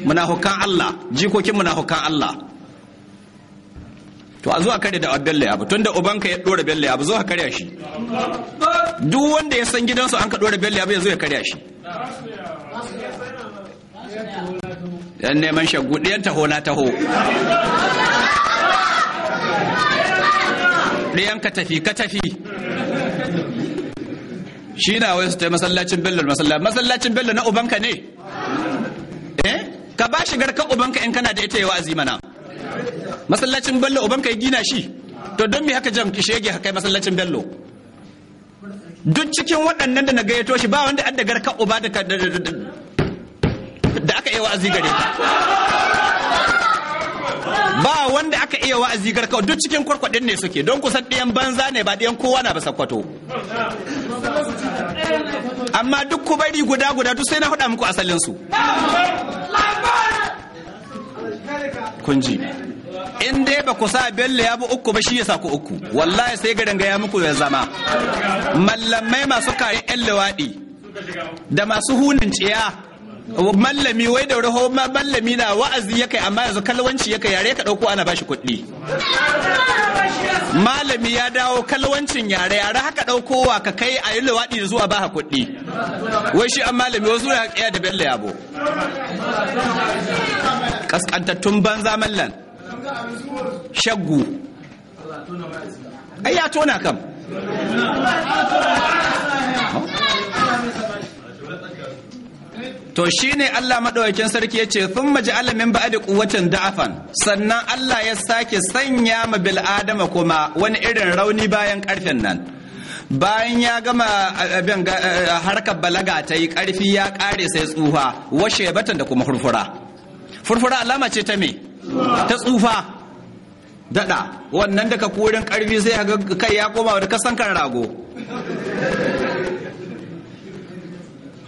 munafukan Allah jikokin muna munafukan Allah to a zuwa kare da belle abu tun da ubanka ya ɗora belle zo zuwa kare shi duk wanda ya san gidansu an ka ɗora belle ya ya zo ya kare shi yan neman shagu ɗayan taho na taho ɗayan ka tafi ka tafi shi na wai su ta masallacin bello masallacin masallacin bello na ubanka ne eh ka ba shi garka ubanka in kana da ita yawa azimana masallacin bello ubanka ya gina shi to don me haka jam shege haka masallacin bello duk cikin waɗannan da na gayyato shi ba wanda an da garkar uba da aka yi wa'azi gare ta ba wanda aka iya wa'azi garka duk cikin kwarkwadin ne suke don kusan ɗiyan banza ne ba ɗiyan kowa na ba sakwato amma duk ku bari guda guda duk sai na haɗa muku asalin su kunji in dai ba ku sa bello ya bi uku ba shi ya sa ku uku wallahi sai garin ya muku ya zama mallamai masu kayan yan lewaɗi da masu hunin ciya mallami wai da raho mallami na wa'azi ya kai amma yanzu kalwanci ya kai yare ka ɗauko ana bashi kuɗi malami ya dawo kalwancin yare yare haka wa ka kai a yi luwaɗi zuwa zuwa baha kuɗi wai shi an malami wasu ya tsaya da bello yabo kaskantattun banza mallan shaggu ai ya tona kam to shi ne Allah maɗaukin sarki ya ce Sun maji alamin min da kuwacin da'afan sannan Allah ya sake sanya ma bil'adama adama kuma wani irin rauni bayan ƙarfin nan bayan ya gama eh, eh, eh, harkar balaga ta yi ƙarfi ya ƙare sai tsufa washe batan da kuma furfura furfura alama ce ta me ta tsufa daɗa wannan daga kurin ƙarfi sai ga kai ya koma da kasan kan rago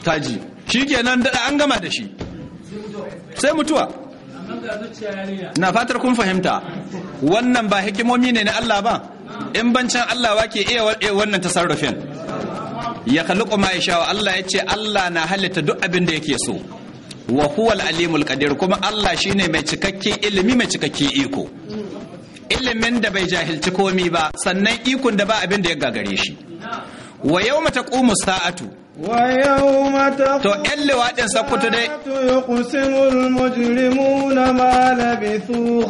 taji shi kenan daɗa an gama da shi sai mutuwa na fatar kun fahimta wannan ba hikimomi ne na Allah ba in bancin Allah wa ke iya wannan tasarrufin ya khaliqu ma yasha Allah ya ce Allah na halitta duk abin da yake so wa huwal alimul qadir kuma Allah shine mai cikakken ilimi mai cikakke iko ilimin da bai jahilci komi ba sannan ikon da ba abin da ya gagare shi wa yawma taqumu sa'atu To, ‘yan lewaɗin sakutu dai. Yuqsimul mujrimuna ma labithu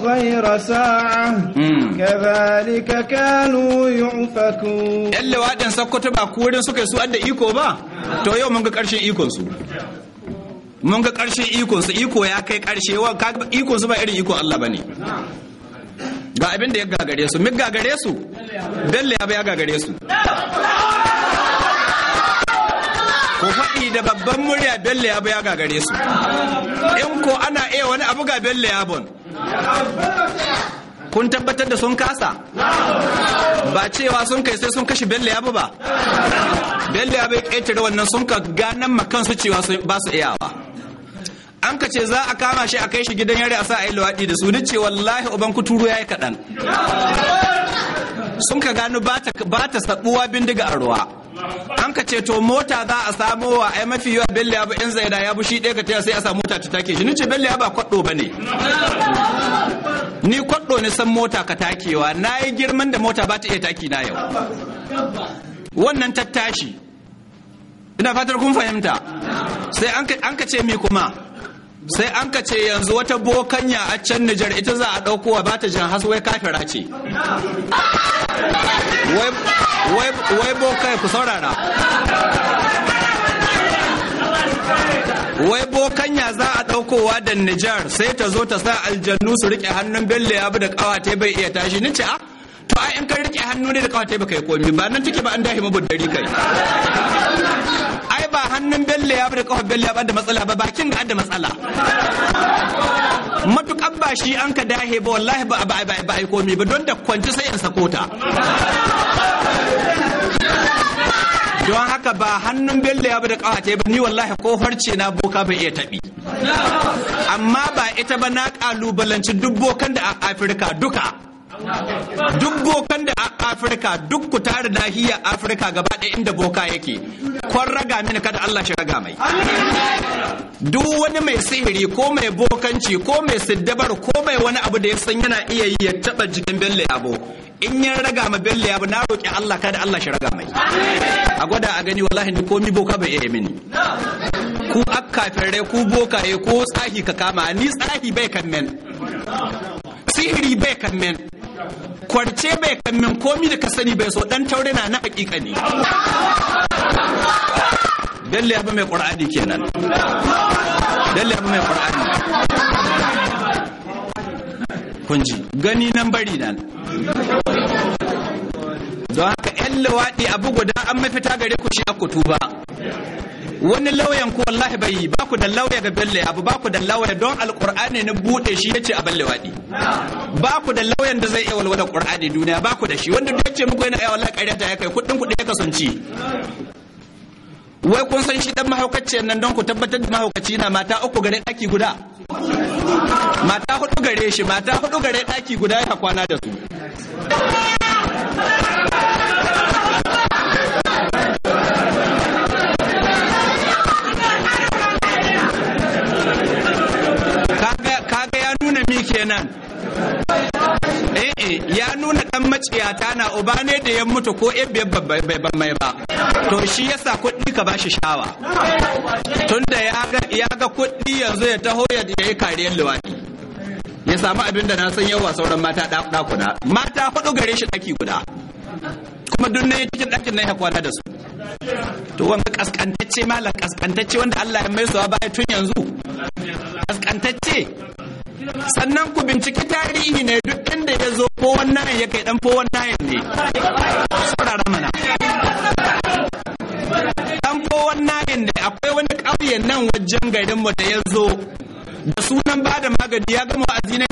ba kurin suka su da iko ba? To yau mun ga ƙarshen ikon su. Mun ga ƙarshen ikon su iko ya kai ƙarshe wa su ba irin iko Allah ba ne? Ga abin da ya gagare su, mig gagare su, Bello ya ba ya gagare su. da babban murya bello ya ya gagare su in ko ana iya wani abu ga bello ya bon kun tabbatar da sun kasa ba cewa sun kai sai sun kashe bello ya ba bello ya bai ƙetare wannan sun ka ganan kansu cewa ba su iyawa an ka ce za a kama shi a kai shi gidan yare a sa a yi luwaɗi da su ni ce wallahi uban kuturu ya yi kaɗan sun ka gano ba ta saɓuwa bindiga a ruwa an ka ce to mota za a samo wa ai mafi yawa belle abu bu in zaida ya bu shi ɗaya ka taya sai a samu mota ta take shi nice belle ya ba kwaɗo ba ne ni kwaɗo ne san mota ka takewa na yi girman da mota ba ta iya taki na yau wannan tattashi ina fatar kun fahimta sai an ka ce mi kuma sai an ka ce yanzu wata bokanya a can Nijar ita za a ɗaukowa ba ta jan haswai kafira ce wai bokai ku saurara wai bokanya za a daukowa da nijar sai ta zo ta sa aljannu su riƙe hannun bello ya da kawate bai iya tashi ni ce a ah, to ai in ka riƙe hannu ne da kawate ba kai komi ba nan take ba an dahi mabuddari kai ai ba hannun bello ya bi da ƙawar bello ya bada matsala ba bakin da da matsala matukan ba shi an ka dahi ba wallahi ba a ba komi ba don da kwanci sai in sako ta don haka ba hannun bello ya da kawace ba ni wallahi kofar ce na boka bai iya tabi amma ba ita ba na kalubalanci duk bokan da a afirka duka duk bokan da a afirka duk ku tare nahiyar afirka gaba ɗaya inda boka yake kwan raga mini kada allah shi raga mai duk wani mai sihiri ko mai bokanci ko mai siddabar ko mai wani abu da ya san yana iya yi ya taɓa jikin bello yabo in ya raga ma bello ya na roƙi Allah kada Allah shi raga mai a gwada a gani wallahi ni komi boka bai iya mini ku akka fere ku bokaye ko tsahi ka kama ni tsahi bai kan men sihiri bai kan men kwarce bai kan men komi da ka sani bai so dan taure na na hakika ne bello ya ba mai qur'ani kenan bello ya mai qur'ani kunji gani nan bari nan don haka 'yan lawaɗi abu guda an mafita gare ku shi kutu tuba wani lauyan ku wallahi bai yi ba ku da lauya ga belle abu ba ku da lauya don alkur'ani na bude shi yace a belle wadi ba ku da lauyan da zai iya walwala qur'ani duniya ba ku da shi wanda duk yace muku yana iya wallahi ƙarya ta ya kai kudin kudi ya kasance wai kun san shi dan mahaukaci nan don ku tabbatar da mahaukaci na mata uku gare daki guda mata hudu gare shi mata hudu gare daki guda ya kwana da su kenan eh, eh ya nuna dan maciyata na uba ne da ya mutu ko ebbe bai ban mai ba to shi yasa kuɗi ka bashi shawa tunda ya ga kuɗi yanzu ya taho ya yi kariyar luwaɗi ya samu abin da na san yawa sauran mata ɗakuna mata hudu gare shi ɗaki guda kuma duk ne cikin ɗakin na ya kwana da su to wanda kaskantacce malam kaskantacce wanda Allah ya mai suwa baya tun yanzu kaskantacce sannan ku binciki tarihi ne duk inda ya zo ko wannan ya kai dan ko wannan ne saurara mana dan ko wannan ne akwai wani ƙauyen nan wajen garin mu da ya zo da sunan ba da magani ya gama wa'azi na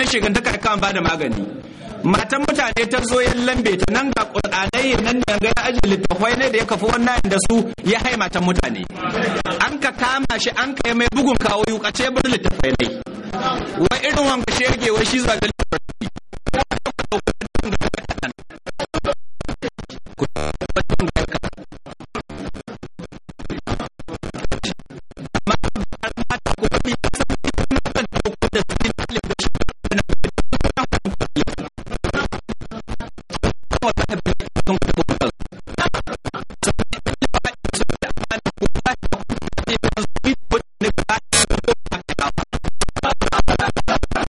karka ba da magani matan mutane ta zo yan lambe ta nan ga qur'anai nan da ga ajiye littafai ne da ya kafa wannan da su ya hai matan mutane an ka kama shi an kai mai bugun kawo yukace bir littafai ne wa irin wanga shege wa shi zuwa ga littafai